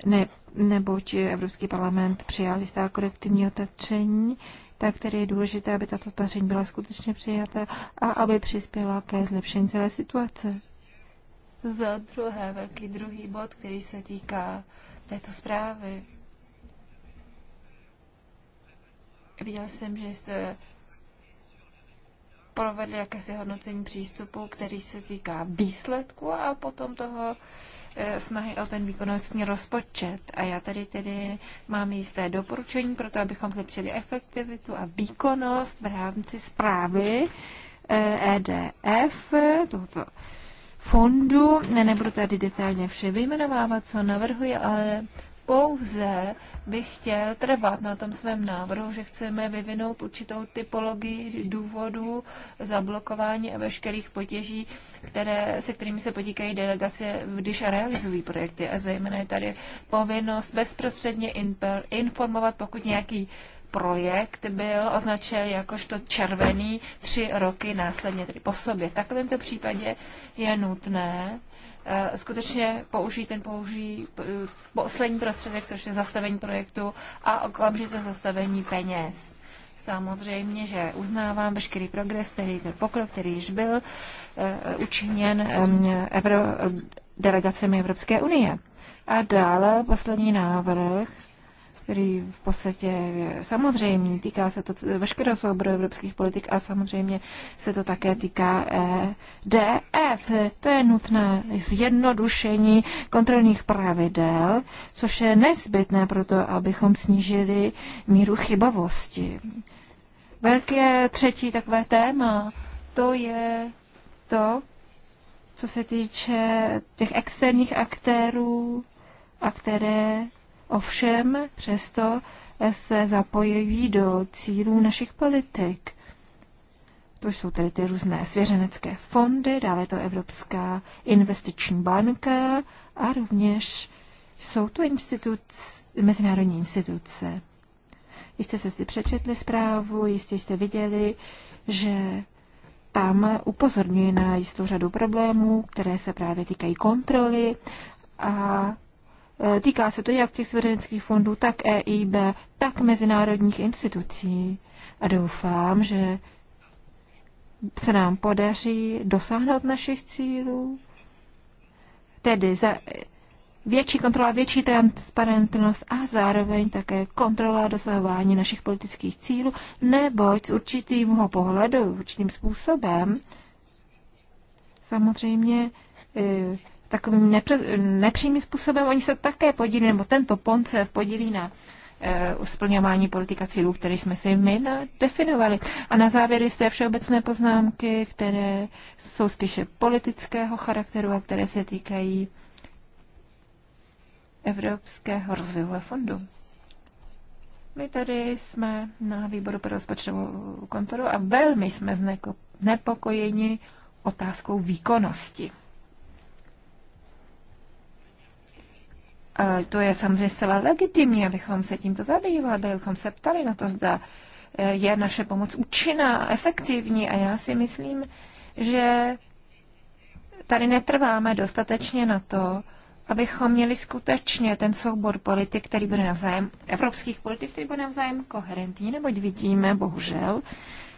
ne, neboť Evropský parlament přijal jistá korektivní opatření, tak tedy je důležité, aby tato opatření byla skutečně přijata a aby přispěla ke zlepšení celé situace. Za druhé, velký druhý bod, který se týká této zprávy. Viděl jsem, že jste provedli jakési hodnocení přístupu, který se týká výsledku a potom toho eh, snahy o ten výkonnostní rozpočet. A já tady tedy mám jisté doporučení pro to, abychom zlepšili efektivitu a výkonnost v rámci zprávy EDF, eh, e tohoto fondu. Ne, nebudu tady detailně vše vyjmenovávat, co navrhuji, ale pouze bych chtěl trvat na tom svém návrhu, že chceme vyvinout určitou typologii důvodů zablokování a veškerých potěží, které, se kterými se potíkají delegace, když realizují projekty. A zejména je tady povinnost bezprostředně informovat, pokud nějaký projekt byl označen jakožto červený tři roky následně, tedy po sobě. V takovémto případě je nutné Eh, skutečně použijí ten použijí eh, poslední prostředek, což je zastavení projektu a okamžité zastavení peněz. Samozřejmě, že uznávám veškerý progres, který ten pokrok, který již byl eh, učiněn delegacemi Evropské unie. A dále poslední návrh který v podstatě je samozřejmě týká se to veškerého souboru evropských politik a samozřejmě se to také týká eh, DF. To je nutné zjednodušení kontrolních pravidel, což je nezbytné pro to, abychom snížili míru chybovosti. Velké třetí takové téma, to je to, co se týče těch externích aktérů, a které Ovšem přesto se zapojují do cílů našich politik. To jsou tedy ty různé svěřenecké fondy, dále je to Evropská investiční banka a rovněž jsou to instituce, mezinárodní instituce. Jistě jste si přečetli zprávu, jistě jste viděli, že tam upozorňuje na jistou řadu problémů, které se právě týkají kontroly a Eh, týká se to jak těch svěřenských fondů, tak EIB, tak mezinárodních institucí. A doufám, že se nám podaří dosáhnout našich cílů, tedy za eh, větší kontrola, větší transparentnost a zároveň také kontrola dosahování našich politických cílů, neboť z určitýmho pohledu, určitým způsobem, samozřejmě eh, takovým nepř- nepřímým způsobem, oni se také podílí, nebo tento pont se podílí na uh, splňování politika cílů, který jsme si my definovali. A na závěr jste všeobecné poznámky, které jsou spíše politického charakteru a které se týkají Evropského rozvojového fondu. My tady jsme na výboru pro rozpočtovou kontrolu a velmi jsme znepokojeni otázkou výkonnosti. to je samozřejmě zcela legitimní, abychom se tímto zabývali, abychom se ptali na to, zda e, je naše pomoc účinná, efektivní a já si myslím, že tady netrváme dostatečně na to, abychom měli skutečně ten soubor politik, který bude navzájem, evropských politik, který bude navzájem koherentní, neboť vidíme, bohužel,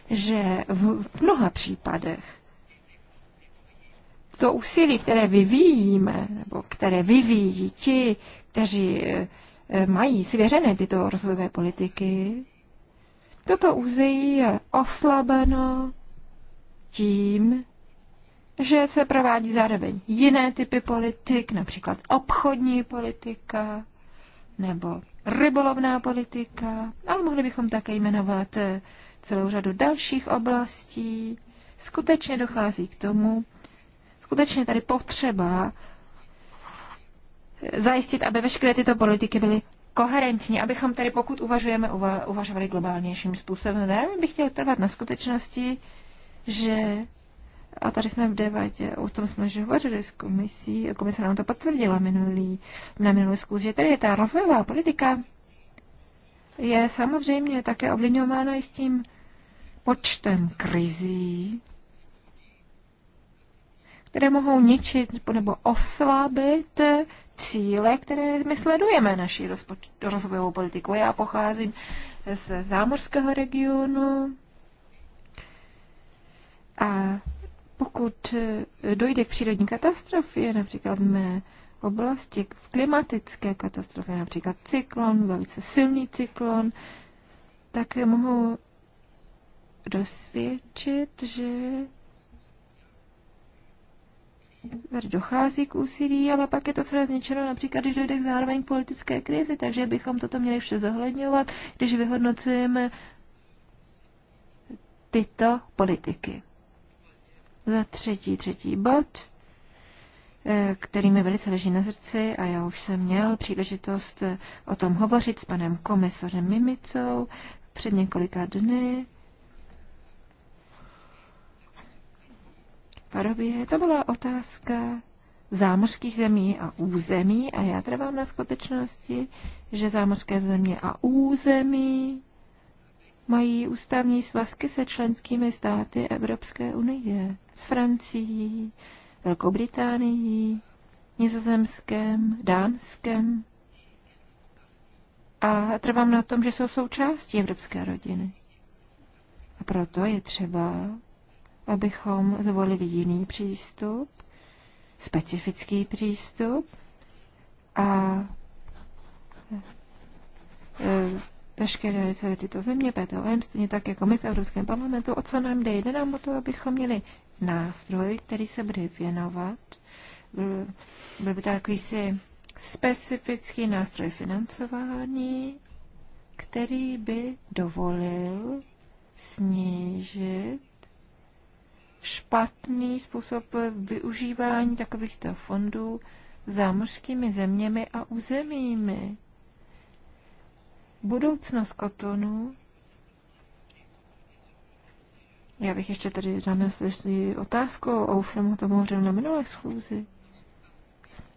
že v mnoha případech to úsilí, které vyvíjíme, nebo které vyvíjí ti, kteří eh, eh, mají svěřené tyto rozvojové politiky, toto území je oslabeno tím, že se provádí zároveň jiné typy politik, například obchodní politika nebo rybolovná politika, ale mohli bychom také jmenovat eh, celou řadu dalších oblastí. Skutečně dochází k tomu, skutečně tady potřeba zajistit, aby veškeré tyto politiky byly koherentní, abychom tady pokud uvažujeme, uva- uvažovali globálnějším způsobem. Já bych chtěl trvat na skutečnosti, že a tady jsme v debatě, o tom jsme že hovořili s komisí, a komise nám to potvrdila minulý, na minulý zkus, že tady je ta rozvojová politika je samozřejmě také ovlivňována i s tím počtem krizí, které mohou ničit nebo oslabit cíle, které my sledujeme naší rozvojovou politiku. Já pocházím z zámořského regionu a pokud eh, dojde k přírodní katastrofě, například v mé oblasti, v klimatické katastrofě, například cyklon, velice silný cyklon, tak mohu dosvědčit, že tady dochází k úsilí, ale pak je to celé zničeno, například když dojde k zároveň k politické krizi, takže bychom toto měli vše zohledňovat, když vyhodnocujeme tyto politiky. Za třetí, třetí bod, eh, který mi velice leží na srdci a já už jsem měl příležitost o tom hovořit s panem komisařem Mimicou před několika dny. Parobie, to byla otázka zámořských zemí a území a já trvám na skutečnosti, že zámořské země a území mají ústavní svazky se členskými státy Evropské unie, s Francií, Velkou Británií, Nizozemskem, Dánskem. A trvám na tom, že jsou součástí evropské rodiny. A proto je třeba abychom zvolili jiný přístup, specifický přístup a e, veškeré se tyto země, PTOM, stejně tak jako my v Evropském parlamentu, o co nám jde? Jde nám o to, abychom měli nástroj, který se bude věnovat. Byl, byl by takový si specifický nástroj financování, který by dovolil snížit špatný způsob využívání takovýchto fondů zámořskými zeměmi a územími. Budoucnost kotonu. Já bych ještě tady zanesl otázku, a už jsem o tom hovořil na minulé schůzi.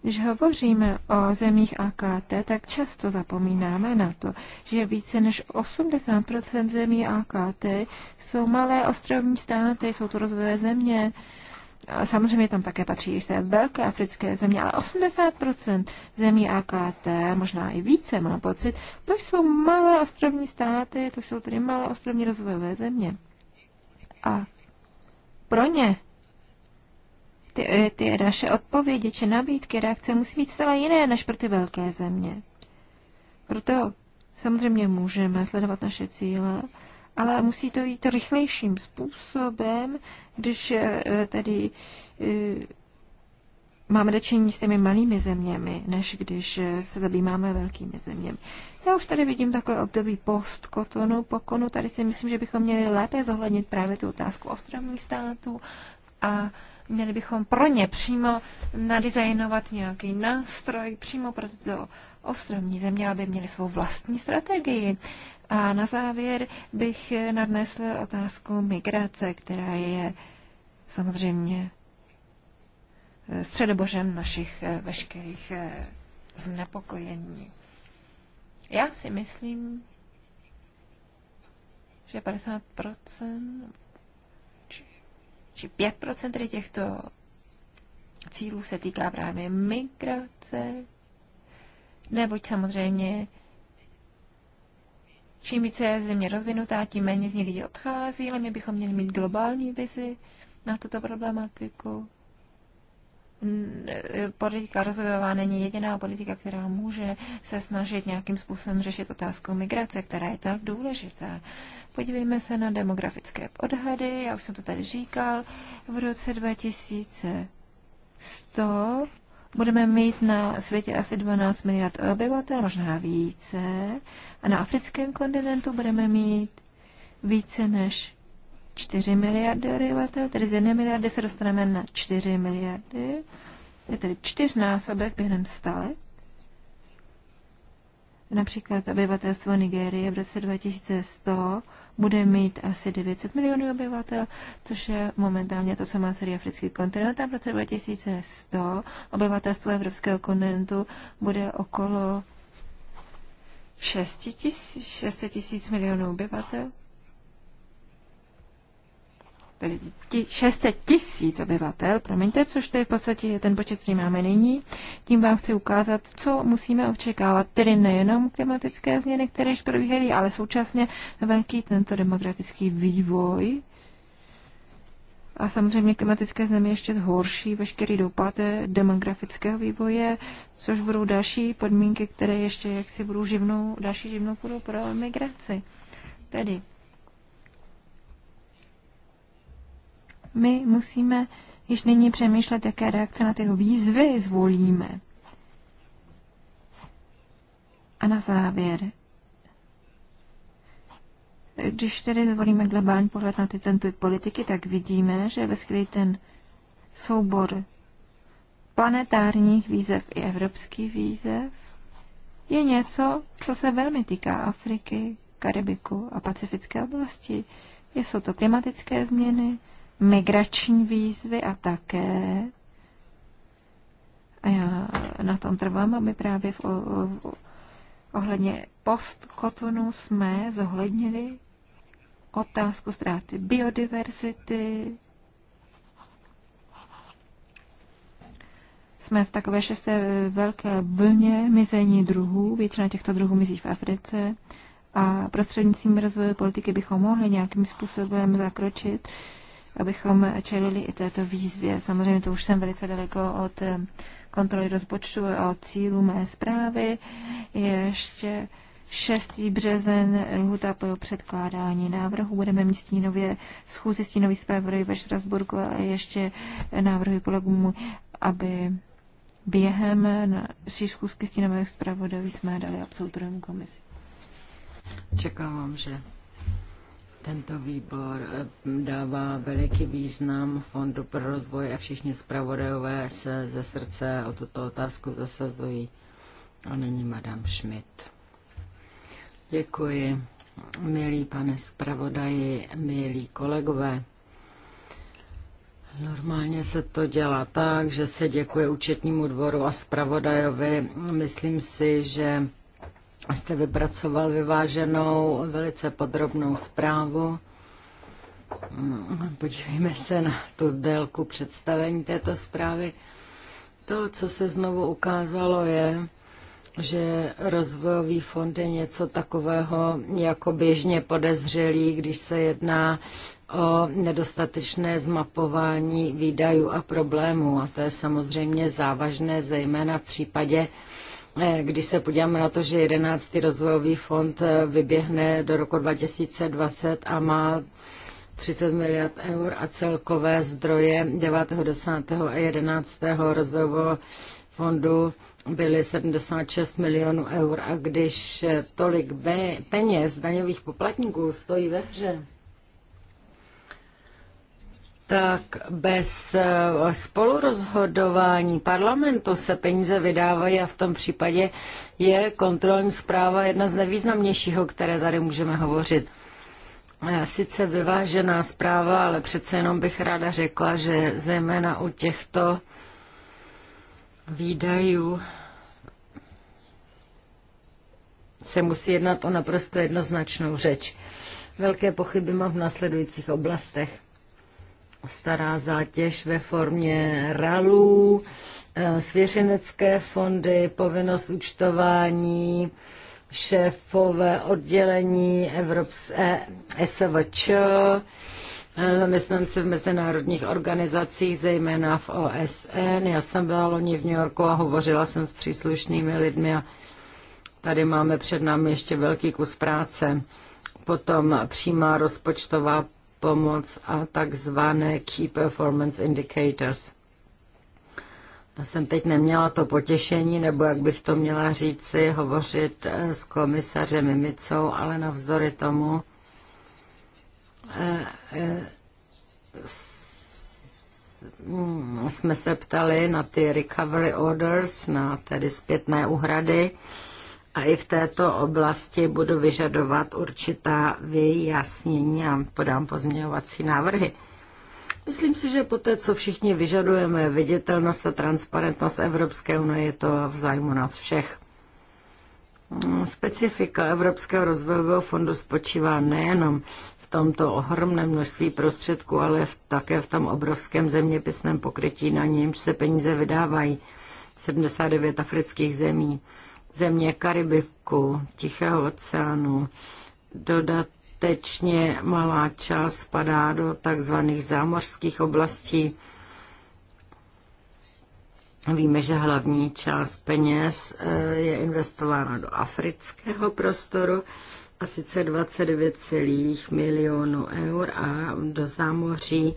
Když hovoříme o zemích AKT, tak často zapomínáme na to, že více než 80 zemí AKT jsou malé ostrovní státy, jsou to rozvojové země. A samozřejmě tam také patří i se velké africké země, ale 80 zemí AKT, možná i více, mám pocit, to jsou malé ostrovní státy, to jsou tedy malé ostrovní rozvojové země. A pro ně ty, eh, ty naše odpovědi či nabídky, reakce musí být zcela jiné než pro ty velké země. Proto samozřejmě můžeme sledovat naše cíle, ale musí to jít rychlejším způsobem, když eh, tedy eh, máme dočení s těmi malými zeměmi, než když se zabýváme velkými zeměmi. Já už tady vidím takové období post kotonu, pokonu. Tady si myslím, že bychom měli lépe zohlednit právě tu otázku ostrovních států a měli bychom pro ně přímo nadizajnovat nějaký nástroj přímo pro tyto ostrovní země, aby měli svou vlastní strategii. A na závěr bych nadnesl otázku migrace, která je samozřejmě eh, středobožem našich eh, veškerých eh, znepokojení. Já si myslím, že 50 či 5% tedy těchto cílů se týká právě migrace, neboť samozřejmě čím více je země rozvinutá, tím méně z ní lidí odchází, ale my bychom měli mít globální vizi na tuto problematiku politika rozvojová není jediná politika, která může se snažit nějakým způsobem řešit otázku migrace, která je tak důležitá. Podívejme se na demografické odhady, já už jsem to tady říkal, v roce 2100 budeme mít na světě asi 12 miliard obyvatel, možná více, a na africkém kontinentu budeme mít více než 4 miliardy obyvatel, tedy z 1 miliardy se dostaneme na 4 miliardy, je tedy čtyřnásobek během stále. Například obyvatelstvo Nigérie v roce 2100 bude mít asi 900 milionů obyvatel, což je momentálně to, co má celý africký kontinent. A v roce 2100 obyvatelstvo evropského kontinentu bude okolo 600 tisíc milionů obyvatel tedy 600 tisíc obyvatel, promiňte, což to je v podstatě ten počet, který máme nyní. Tím vám chci ukázat, co musíme očekávat, tedy nejenom klimatické změny, které již probíhají, ale současně velký tento demokratický vývoj. A samozřejmě klimatické změny ještě zhorší veškerý dopad demografického vývoje, což budou další podmínky, které ještě jaksi budou živnou, další živnou půdou pro migraci. Tedy my musíme již nyní přemýšlet, jaké reakce na tyho výzvy zvolíme. A na závěr, když tedy zvolíme globální pohled na ty, politiky, tak vidíme, že veškerý ten soubor planetárních výzev i evropský výzev je něco, co se velmi týká Afriky, Karibiku a pacifické oblasti. Jsou to klimatické změny, migrační výzvy a také a já na tom trvám, aby právě v, v, ohledně postkotonu jsme zohlednili otázku ztráty biodiverzity. Jsme v takové šesté velké vlně mizení druhů. Většina těchto druhů mizí v Africe. A prostřednictvím rozvoje politiky bychom mohli nějakým způsobem zakročit uh, abychom čelili i této výzvě. Samozřejmě to už jsem velice daleko od eh, kontroly rozpočtu a od cílu mé zprávy. Je ještě 6. březen lhuta pro předkládání návrhu. Budeme mít stínově schůzi stínový zpravodajů ve Štrasburku, ale ještě návrhy kolegům, aby během naší schůzky stínových zpravodajů jsme dali absolutorium komisi. Čekám, že tento výbor eh, dává veliký význam Fondu pro rozvoj a všichni zpravodajové se ze srdce o tuto otázku zasazují. A nyní Madame Schmidt. Děkuji, milí pane zpravodaji, milí kolegové. Normálně se to dělá tak, že se děkuje účetnímu dvoru a zpravodajovi. Myslím si, že jste vypracoval vyváženou, velice podrobnou zprávu. Mm, podívejme se na tu délku představení této zprávy. To, co se znovu ukázalo, je, že rozvojový fond je něco takového jako běžně podezřelý, když se jedná o nedostatečné zmapování výdajů a problémů. A to je samozřejmě závažné, zejména v případě Eh, když se podíváme na to, že 11. rozvojový fond eh, vyběhne do roku 2020 a má 30 miliard eur a celkové zdroje 9., 10. a 11. rozvojového fondu byly 76 milionů eur. A když eh, tolik peněz daňových poplatníků stojí ve hře, tak bez eh, spolurozhodování parlamentu se peníze vydávají a v tom případě je kontrolní zpráva jedna z nejvýznamnějších, o které tady můžeme hovořit. Eh, sice vyvážená zpráva, ale přece jenom bych ráda řekla, že zejména u těchto výdajů se musí jednat o naprosto jednoznačnou řeč. Velké pochyby mám v následujících oblastech stará zátěž ve formě ralů, eh, svěřenecké fondy, povinnost účtování, šéfové oddělení Evropské eh, SVČ, eh, zaměstnanci v mezinárodních organizacích, zejména v OSN. Já jsem byla loni v New Yorku a hovořila jsem s příslušnými lidmi a tady máme před námi ještě velký kus práce. Potom přímá rozpočtová pomoc a takzvané Key Performance Indicators. Já jsem teď neměla to potěšení, nebo jak bych to měla říci, hovořit eh, s komisařem Mimicou, ale navzdory tomu eh, eh, mm, jsme se ptali na ty recovery orders, na tedy zpětné uhrady a i v této oblasti budu vyžadovat určitá vyjasnění a podám pozměňovací návrhy. Myslím si, že po té, co všichni vyžadujeme, viditelnost a transparentnost Evropské unie, je to v zájmu nás všech. Specifika Evropského rozvojového fondu spočívá nejenom v tomto ohromném množství prostředků, ale v, také v tom obrovském zeměpisném pokrytí, na němž se peníze vydávají. 79 afrických zemí země Karibivku, Tichého oceánu. Dodatečně malá část spadá do takzvaných zámořských oblastí. Víme, že hlavní část peněz eh, je investována do afrického prostoru, a sice 29,1 milionů eur a do zámoří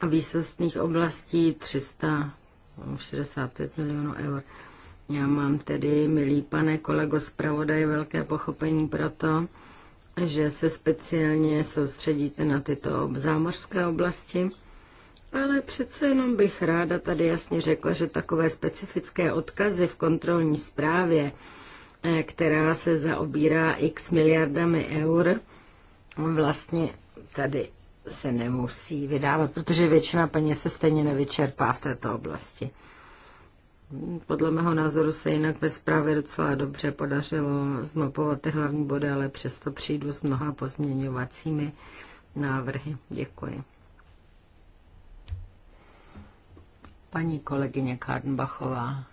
a výsostných oblastí 365 milionů eur. Já mám tedy, milý pane kolego zpravodaj, velké pochopení pro to, že se speciálně soustředíte na tyto zámořské oblasti, ale přece jenom bych ráda tady jasně řekla, že takové specifické odkazy v kontrolní zprávě, eh, která se zaobírá x miliardami eur, vlastně tady se nemusí vydávat, protože většina peněz se stejně nevyčerpá v této oblasti podle mého názoru se jinak ve zprávě docela dobře podařilo zmapovat ty hlavní body, ale přesto přijdu s mnoha pozměňovacími návrhy. Děkuji. Paní kolegyně Karnbachová.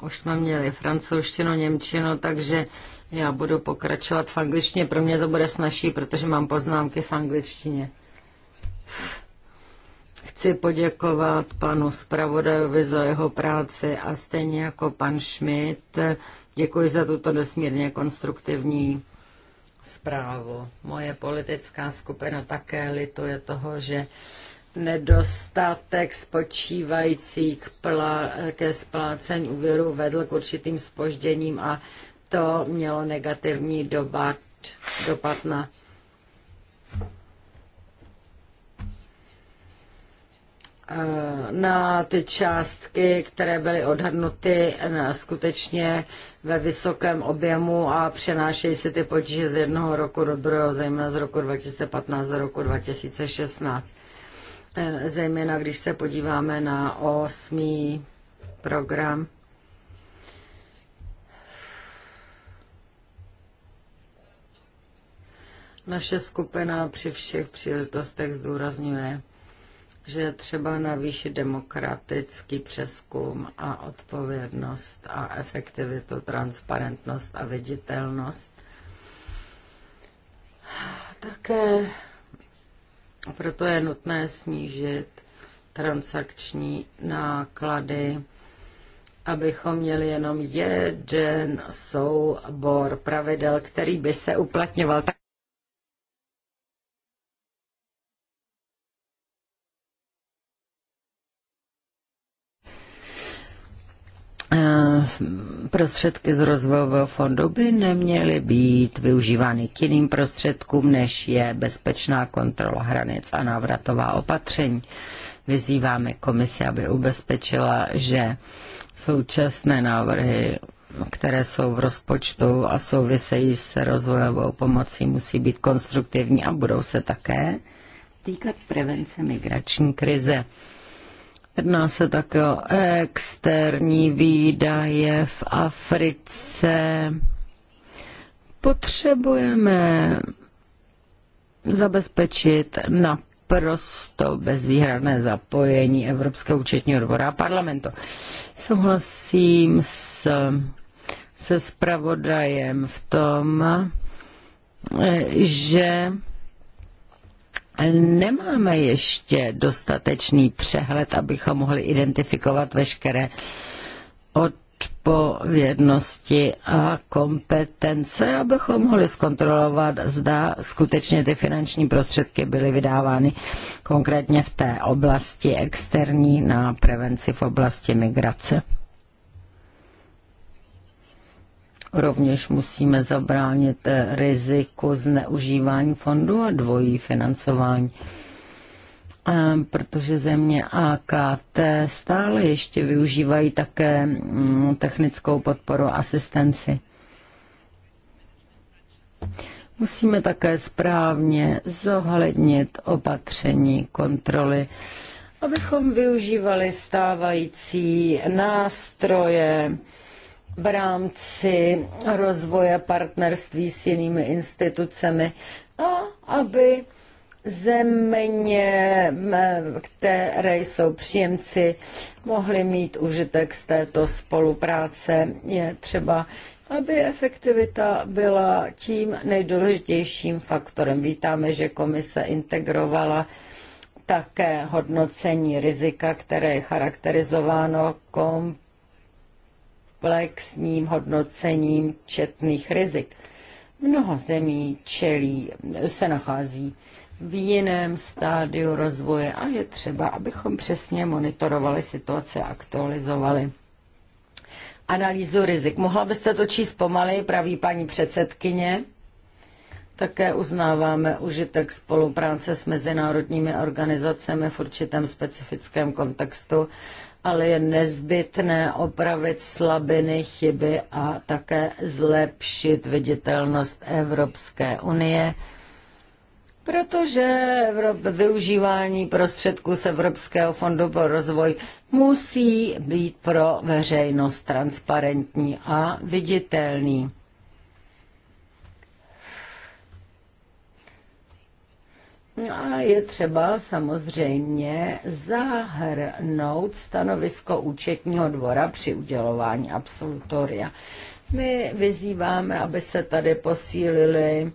Už jsme měli francouzštinu, němčinu, takže já budu pokračovat v angličtině. Pro mě to bude snažší, protože mám poznámky v angličtině. Chci poděkovat panu zpravodajovi za jeho práci a stejně jako pan Schmidt děkuji za tuto nesmírně konstruktivní zprávu. Moje politická skupina také lituje toho, že nedostatek spočívající k plá, ke splácení úvěru vedl k určitým spožděním a to mělo negativní dopad, dopad na na ty částky, které byly odhadnuty skutečně ve vysokém objemu a přenášejí se ty potíže z jednoho roku do druhého, zejména z roku 2015 do roku 2016. Eh, zejména když se podíváme na osmý program. Naše skupina při všech příležitostech zdůrazňuje, že je třeba navýšit demokratický přeskum a odpovědnost a efektivitu, transparentnost a viditelnost. Také proto je nutné snížit transakční náklady, abychom měli jenom jeden soubor pravidel, který by se uplatňoval. Tak prostředky z rozvojového fondu by neměly být využívány k jiným prostředkům, než je bezpečná kontrola hranic a návratová opatření. Vyzýváme komisi, aby ubezpečila, že současné návrhy které jsou v rozpočtu a souvisejí s rozvojovou pomocí, musí být konstruktivní a budou se také týkat prevence migrační krize. Jedná se také o externí výdaje v Africe. Potřebujeme zabezpečit naprosto bezvýhradné zapojení Evropského účetního dvora a parlamentu. Souhlasím s, se spravodajem v tom, že nemáme ještě dostatečný přehled, abychom mohli identifikovat veškeré odpovědnosti a kompetence, abychom mohli zkontrolovat, zda skutečně ty finanční prostředky byly vydávány konkrétně v té oblasti externí na prevenci v oblasti migrace. Rovněž musíme zabránit eh, riziku zneužívání fondů a dvojí financování eh, protože země AKT stále ještě využívají také mm, technickou podporu a asistenci. Musíme také správně zohlednit opatření kontroly, abychom využívali stávající nástroje, v rámci rozvoje partnerství s jinými institucemi a aby země, které jsou příjemci, mohly mít užitek z této spolupráce. Je třeba, aby efektivita byla tím nejdůležitějším faktorem. Vítáme, že komise integrovala také hodnocení rizika, které je charakterizováno komp komplexním hodnocením četných rizik. Mnoho zemí čelí, se nachází v jiném stádiu rozvoje a je třeba, abychom přesně monitorovali situace a aktualizovali analýzu rizik. Mohla byste to číst pomaleji, praví paní předsedkyně? Také uznáváme užitek spolupráce s mezinárodními organizacemi v určitém specifickém kontextu ale je nezbytné opravit slabiny, chyby a také zlepšit viditelnost Evropské unie, protože využívání prostředků z Evropského fondu pro rozvoj musí být pro veřejnost transparentní a viditelný. No a je třeba samozřejmě zahrnout stanovisko účetního dvora při udělování absolutoria. My vyzýváme, aby se tady posílily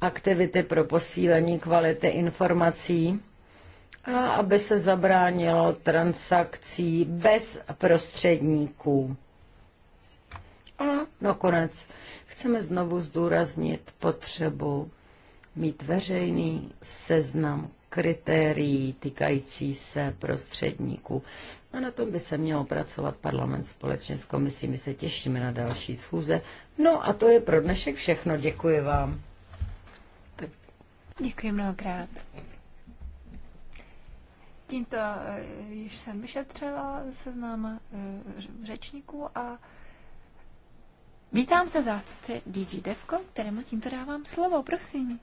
aktivity pro posílení kvality informací a aby se zabránilo transakcí bez prostředníků. A nakonec chceme znovu zdůraznit potřebu mít veřejný seznam kritérií týkající se prostředníků. A na tom by se mělo pracovat parlament společně s komisí. My se těšíme na další schůze. No a to je pro dnešek všechno. Děkuji vám. Tak. Děkuji mnohokrát. Tímto eh, již jsem vyšetřila seznam eh, řečníků a vítám se zástupce DG Devko, kterému tímto dávám slovo. Prosím.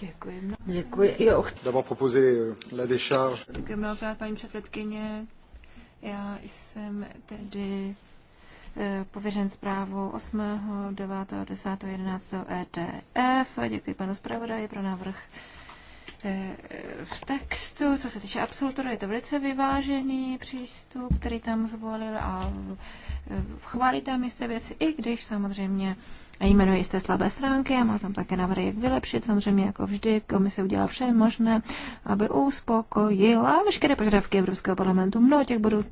Děkuji. Děkuji. Jo. D'abord proposer euh, la décharge. Děkuji mnohokrát, paní předsedkyně. Já jsem tedy eh, pověřen zprávou 8., 9., 10., 11. ETF. Děkuji panu zpravodaji pro návrh eh, v textu. Co se týče absolutora, je to velice vyvážený přístup, který tam zvolil a chválí tam jisté věci, i když samozřejmě jmenují jste slabé stránky a má tam také návrhy, jak vylepšit. Samozřejmě jako vždy komise udělá vše možné, aby uspokojila veškeré požadavky Evropského parlamentu. Mnoho těch bodů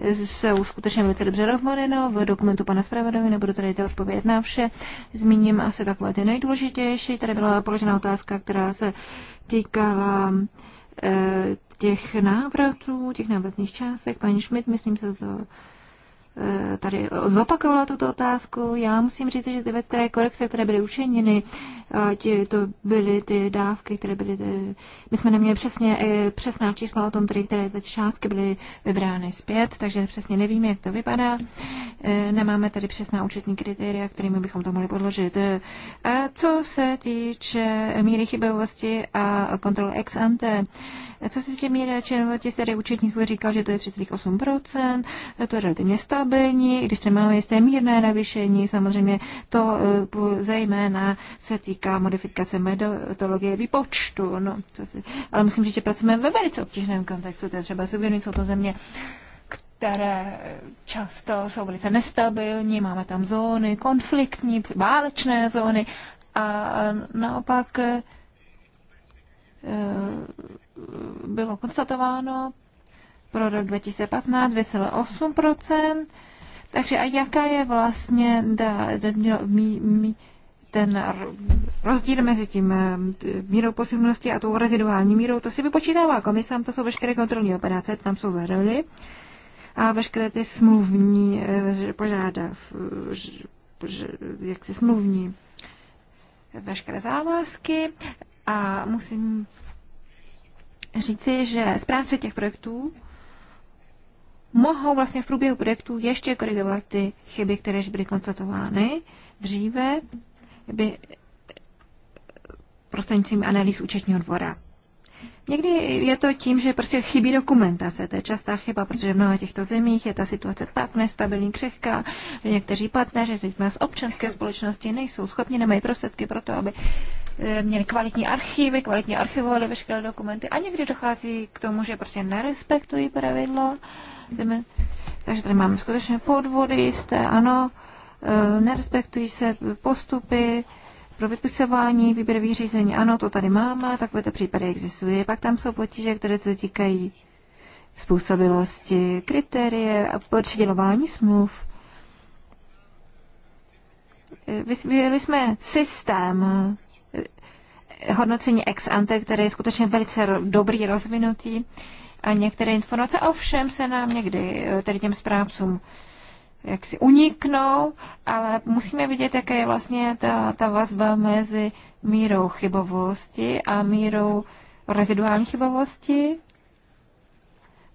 eh, se skutečně velice dobře rozmodeno no, v dokumentu pana Spravodovi, nebudu tady to odpovědět na vše. Zmíním asi takové ty nejdůležitější. Tady byla položena otázka, která se týkala eh, těch návratů, těch návratných částek. Paní Schmidt, myslím, se to Eh, tady zopakovala tuto otázku. Já musím říct, že ty veteré korekce, které byly učiněny, ty to byly ty dávky, které byly... Ty... My jsme neměli přesně, eh, přesná čísla o tom, tedy, které ty částky byly vybrány zpět, takže přesně nevíme, jak to vypadá. Eh, nemáme tady přesná účetní kritéria, kterými bychom to mohli podložit. A co se týče míry chybovosti a kontrol ex ante, co se týče míry těch starých účetník říkal, že to je 3,8%, to je relativně stabilní, když tady máme jisté mírné navýšení, samozřejmě to eh, zejména se týká modifikace metodologie výpočtu. No, co si, ale musím říct, že pracujeme ve velice obtížném kontextu, to je třeba si uvědomit, co to země, které často jsou velice nestabilní, máme tam zóny konfliktní, válečné zóny a naopak eh, bylo konstatováno pro rok 2015 8%. Takže a jaká je vlastně da, da, mí, mí, ten rozdíl mezi tím eh, mírou posilnosti a tou reziduální mírou, to si vypočítává komisám, to jsou veškeré kontrolní operace, tam jsou zahrnuly a veškeré ty smluvní eh, požádav, jak si smluvní veškeré závazky a musím říci, že správci těch projektů mohou vlastně v průběhu projektů ještě korigovat ty chyby, které již byly konstatovány dříve by prostřednictvím analýz účetního dvora. Někdy je to tím, že prostě chybí dokumentace, to je častá chyba, protože v mnoha těchto zemích je ta situace tak nestabilní, křehká, že někteří partneři, zejména z občanské společnosti, nejsou schopni, nemají prostředky pro to, aby E, měli kvalitní archivy, kvalitně archivovali veškeré dokumenty a někdy dochází k tomu, že prostě nerespektují pravidla. Takže tady máme skutečně podvody jste, ano, e, nerespektují se postupy, pro vypisování výběrových řízení, ano, to tady máme, takovéto případy existují. Pak tam jsou potíže, které se týkají způsobilosti, kritérie a přidělování smluv. E, Vyvíjeli jsme systém hodnocení ex ante, které je skutečně velice dobrý, rozvinutý a některé informace ovšem se nám někdy, eh, tedy těm správcům, jak si uniknou, ale musíme vidět, jaká je vlastně ta, ta vazba mezi mírou chybovosti a mírou reziduální chybovosti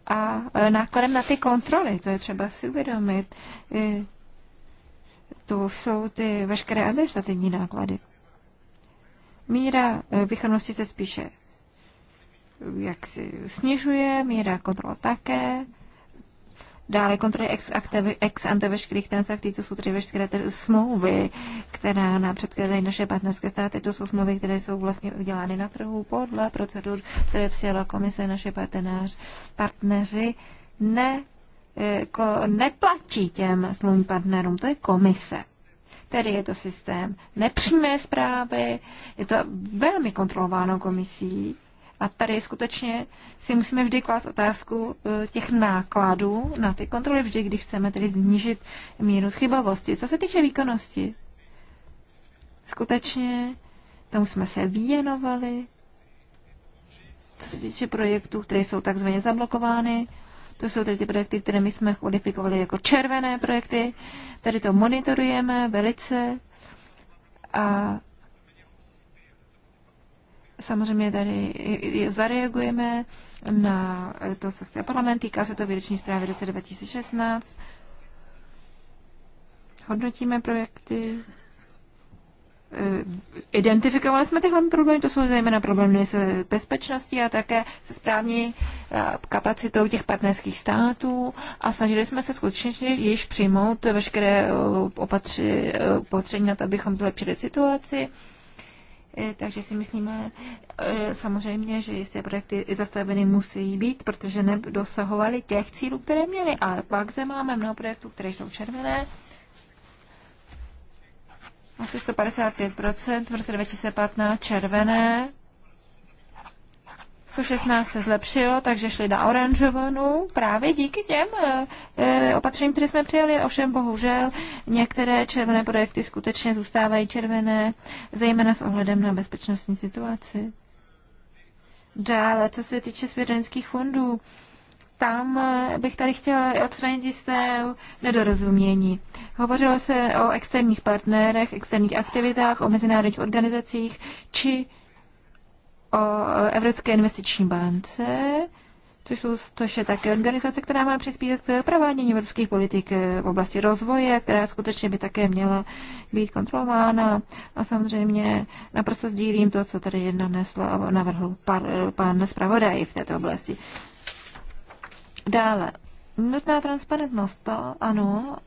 a eh, nákladem na ty kontroly. To je třeba si uvědomit. Eh, to jsou ty veškeré administrativní náklady. Míra eh, vychrnosti se spíše eh, jak si snižuje, míra kontrol také. Dále kontroly ex, ex ante veškerých transakcí, to jsou tedy veškeré tedy smlouvy, která nám předkládají naše partnerské státy. To jsou smlouvy, které jsou vlastně udělány na trhu podle procedur, které přijala komise naše partneř, partneři. Ne, eh, ko, neplatí těm smluvním partnerům, to je komise. Tedy je to systém nepřímé zprávy, je to velmi kontrolováno komisí. A tady skutečně si musíme vždy klást otázku e, těch nákladů na ty kontroly, vždy, když chceme tedy znížit míru chybovosti. Co se týče výkonnosti, skutečně tomu jsme se věnovali. Co se týče projektů, které jsou takzvaně zablokovány, to jsou tedy ty projekty, které my jsme kvalifikovali jako červené projekty. Tady to monitorujeme velice a samozřejmě tady zareagujeme na to, co chce parlament. Týká se to výroční zprávy roce 2016. Hodnotíme projekty. Eh, identifikovali jsme tyhle problémy, to jsou zejména problémy s bezpečností a také se správní eh, kapacitou těch partnerských států a snažili jsme se skutečně již přijmout veškeré eh, opatři, opatření na to, abychom zlepšili situaci. Takže si myslíme samozřejmě, že jisté projekty zastaveny musí být, protože nedosahovaly těch cílů, které měly. A pak zde máme mnoho projektů, které jsou červené, asi 155%, v roce 2015 červené, 116 se zlepšilo, takže šli na oranžovanou právě díky těm e, opatřením, které jsme přijali. Ovšem bohužel některé červené projekty skutečně zůstávají červené, zejména s ohledem na bezpečnostní situaci. Dále, co se týče svěřenských fondů, tam eh, bych tady chtěla odstranit jisté nedorozumění. Hovořilo se o externích partnerech, externích aktivitách, o mezinárodních organizacích či o eh, Evropské investiční bance, což, jsou, což je také organizace, která má přispívat k provádění evropských politik eh, v oblasti rozvoje, která skutečně by také měla být kontrolována. A samozřejmě naprosto sdílím to, co tady nesla a navrhl pan, pan zpravodaj v této oblasti. Dále, nutná transparentnost, to ano,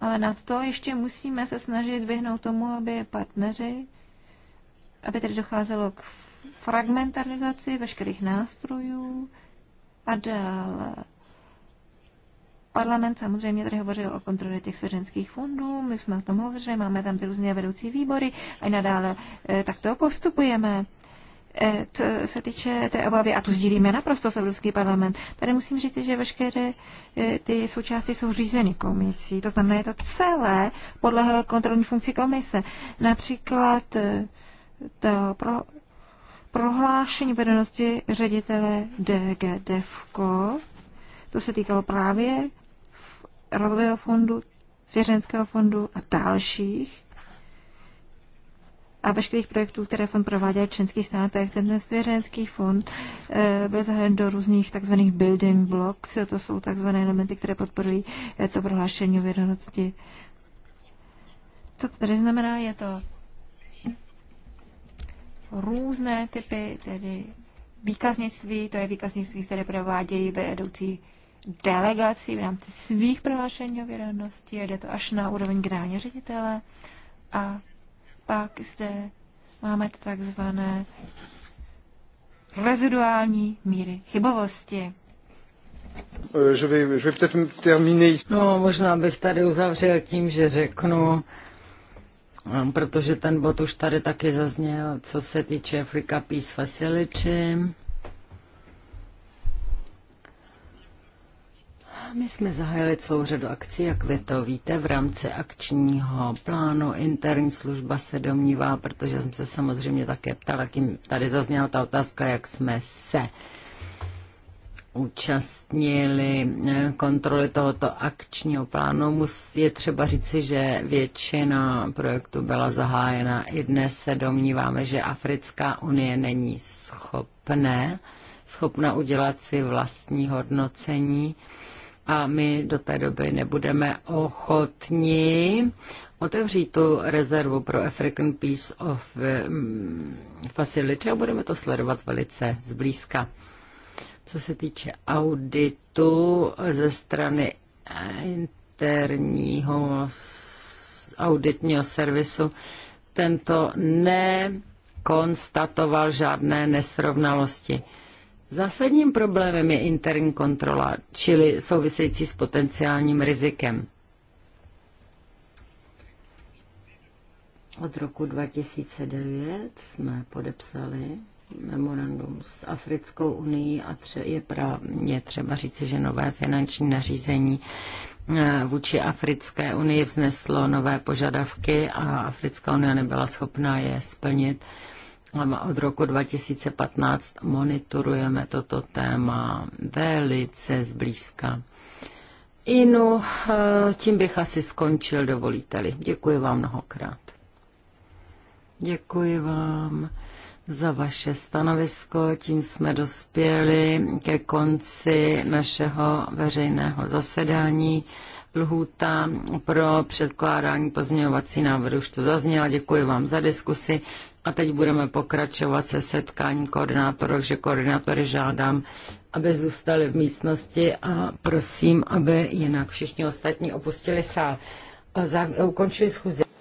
ale nad to ještě musíme se snažit vyhnout tomu, aby partneři, aby tedy docházelo k fragmentarizaci veškerých nástrojů a dále. Parlament samozřejmě tady hovořil o kontrole těch svěřenských fondů, my jsme o tom hovořili, máme tam ty různé vedoucí výbory a nadále e, eh, takto postupujeme. Eh, co se týče té obavy, a tu sdílíme naprosto s Evropský parlament, tady musím říct, že veškeré eh, ty součásti jsou řízeny komisí, to znamená, je to celé podle kontrolní funkci komise. Například eh, to pro, prohlášení vedenosti ředitele DG DEFCO, to se týkalo právě rozvojového fondu, svěřenského fondu a dalších a veškerých projektů, které fond prováděl v členských státech. Ten svěřenský fond eh, byl zahájen do různých tzv. building blocks, to jsou tzv. elementy, které podporují eh, to prohlášení o věrnosti. Co tady znamená, je to různé typy, tedy výkaznictví, to je výkaznictví, které provádějí vedoucí delegací v rámci svých prohlášení o věrnosti, jede to až na úroveň grání ředitele a pak zde máme takzvané reziduální míry chybovosti. Je vais, je vais peut-être terminer. No, možná bych tady uzavřel tím, že řeknu, ehm, protože ten bod už tady taky zazněl, co se týče Africa Peace Facility. My jsme zahájili celou řadu akcí, jak vy to víte, v rámci akčního plánu. Interní služba se domnívá, protože jsem se samozřejmě také ptala, kým tady zazněla ta otázka, jak jsme se účastnili kontroly tohoto akčního plánu. Je třeba říci, že většina projektů byla zahájena. I dnes se domníváme, že Africká unie není schopné, schopna udělat si vlastní hodnocení a my do té doby nebudeme ochotni otevřít tu rezervu pro African Peace of mm, Facility a budeme to sledovat velice zblízka. Co se týče auditu ze strany interního auditního servisu, tento nekonstatoval žádné nesrovnalosti. Zásadním problémem je interní kontrola, čili související s potenciálním rizikem. Od roku 2009 jsme podepsali memorandum s Africkou unii a tře- je, je třeba říci, že nové finanční nařízení eh, vůči Africké unii vzneslo nové požadavky a Africká unie nebyla schopná je splnit. A od roku 2015 monitorujeme toto téma velice zblízka. Inu, eh, tím bych asi skončil, dovolíte-li. Děkuji vám mnohokrát. Děkuji vám za vaše stanovisko. Tím jsme dospěli ke konci našeho veřejného zasedání. Lhůta pro předkládání pozměňovací návrhu už to zazněla. Děkuji vám za diskusi. A teď budeme pokračovat se setkáním koordinátorů, že koordinátory žádám, aby zůstali v místnosti a prosím, aby jinak všichni ostatní opustili sál. Ukončuji schůzi.